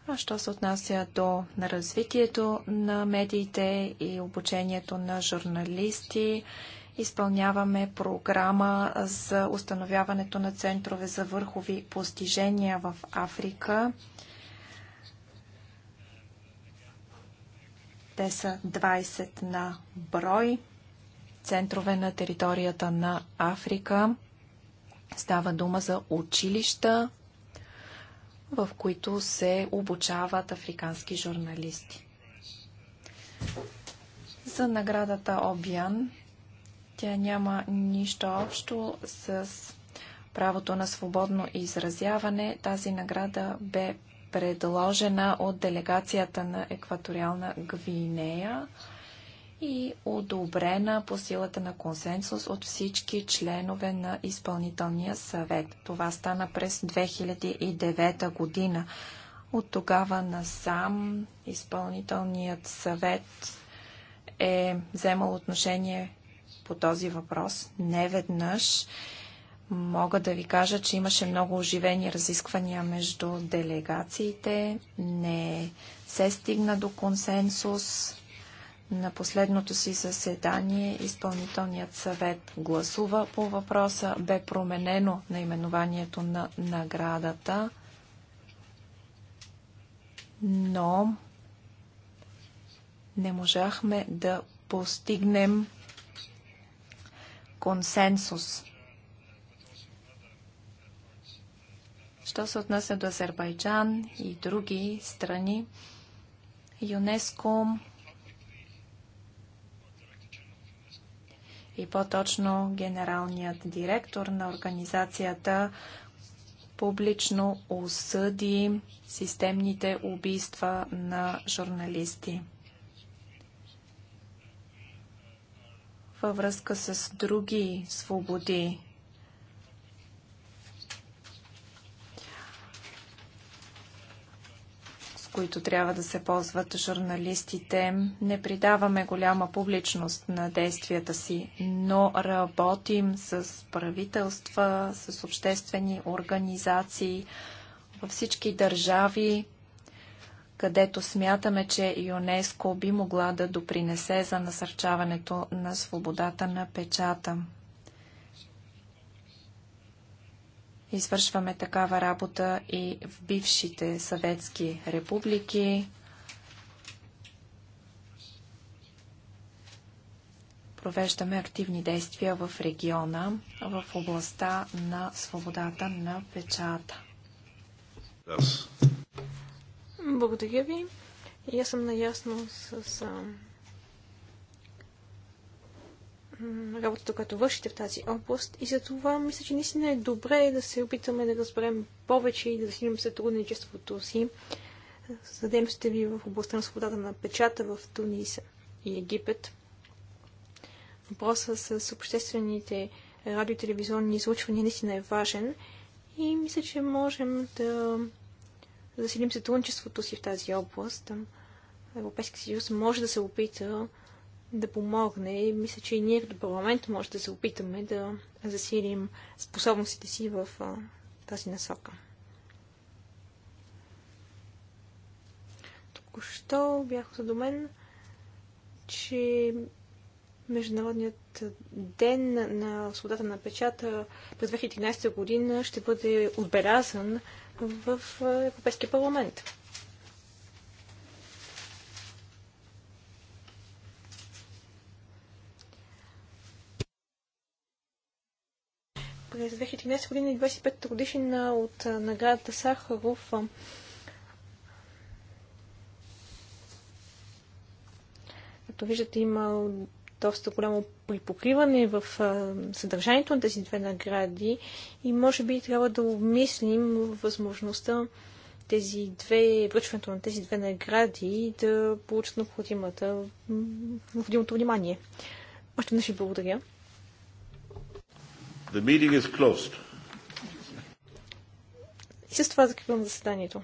Speaker 3: А що се отнася до на развитието на медиите и обучението на журналисти, изпълняваме програма за установяването на центрове за върхови постижения в Африка. Те са 20 на брой центрове на територията на Африка. Става дума за училища, в които се обучават африкански журналисти. За наградата Обян тя няма нищо общо с правото на свободно изразяване. Тази награда бе предложена от делегацията на Екваториална Гвинея и одобрена по силата на консенсус от всички членове на изпълнителния съвет. Това стана през 2009 година. От тогава насам изпълнителният съвет е вземал отношение по този въпрос неведнъж веднъж Мога да ви кажа, че имаше много оживени разисквания между делегациите. Не се стигна до консенсус. На последното си заседание изпълнителният съвет гласува по въпроса. Бе променено наименованието на наградата. Но не можахме да постигнем консенсус Що се отнася до Азербайджан и други страни, ЮНЕСКО и по-точно генералният директор на организацията публично осъди системните убийства на журналисти. Във връзка с други свободи, които трябва да се ползват журналистите. Не придаваме голяма публичност на действията си, но работим с правителства, с обществени организации във всички държави, където смятаме, че ЮНЕСКО би могла да допринесе за насърчаването на свободата на печата. Извършваме такава работа и в бившите съветски републики. Провеждаме активни действия в региона в областта на свободата на печата.
Speaker 1: Благодаря ви. И аз съм наясно с работата, която вършите в тази област и за това мисля, че наистина е добре да се опитаме да разберем повече и да засилим сътрудничеството си Задем сте ви в областта на свободата на печата в Тунис и Египет. Въпросът с обществените радио и телевизионни излъчвания наистина е важен и мисля, че можем да засилим сътрудничеството си в тази област. Европейски съюз може да се опита да помогне. И мисля, че и ние като парламент може да се опитаме да засилим способностите си в а, тази насока. Току-що бях осведомен, че Международният ден на свободата на печата през 2013 година ще бъде отбелязан в Европейския парламент. през 2013 година и 25 та годишна от наградата Сахаров. Като виждате, има доста голямо припокриване в съдържанието на тези две награди и може би трябва да обмислим възможността тези две, връчването на тези две награди да получат необходимото внимание. Още не ще благодаря.
Speaker 2: The meeting is closed.
Speaker 1: И с това закривам заседанието.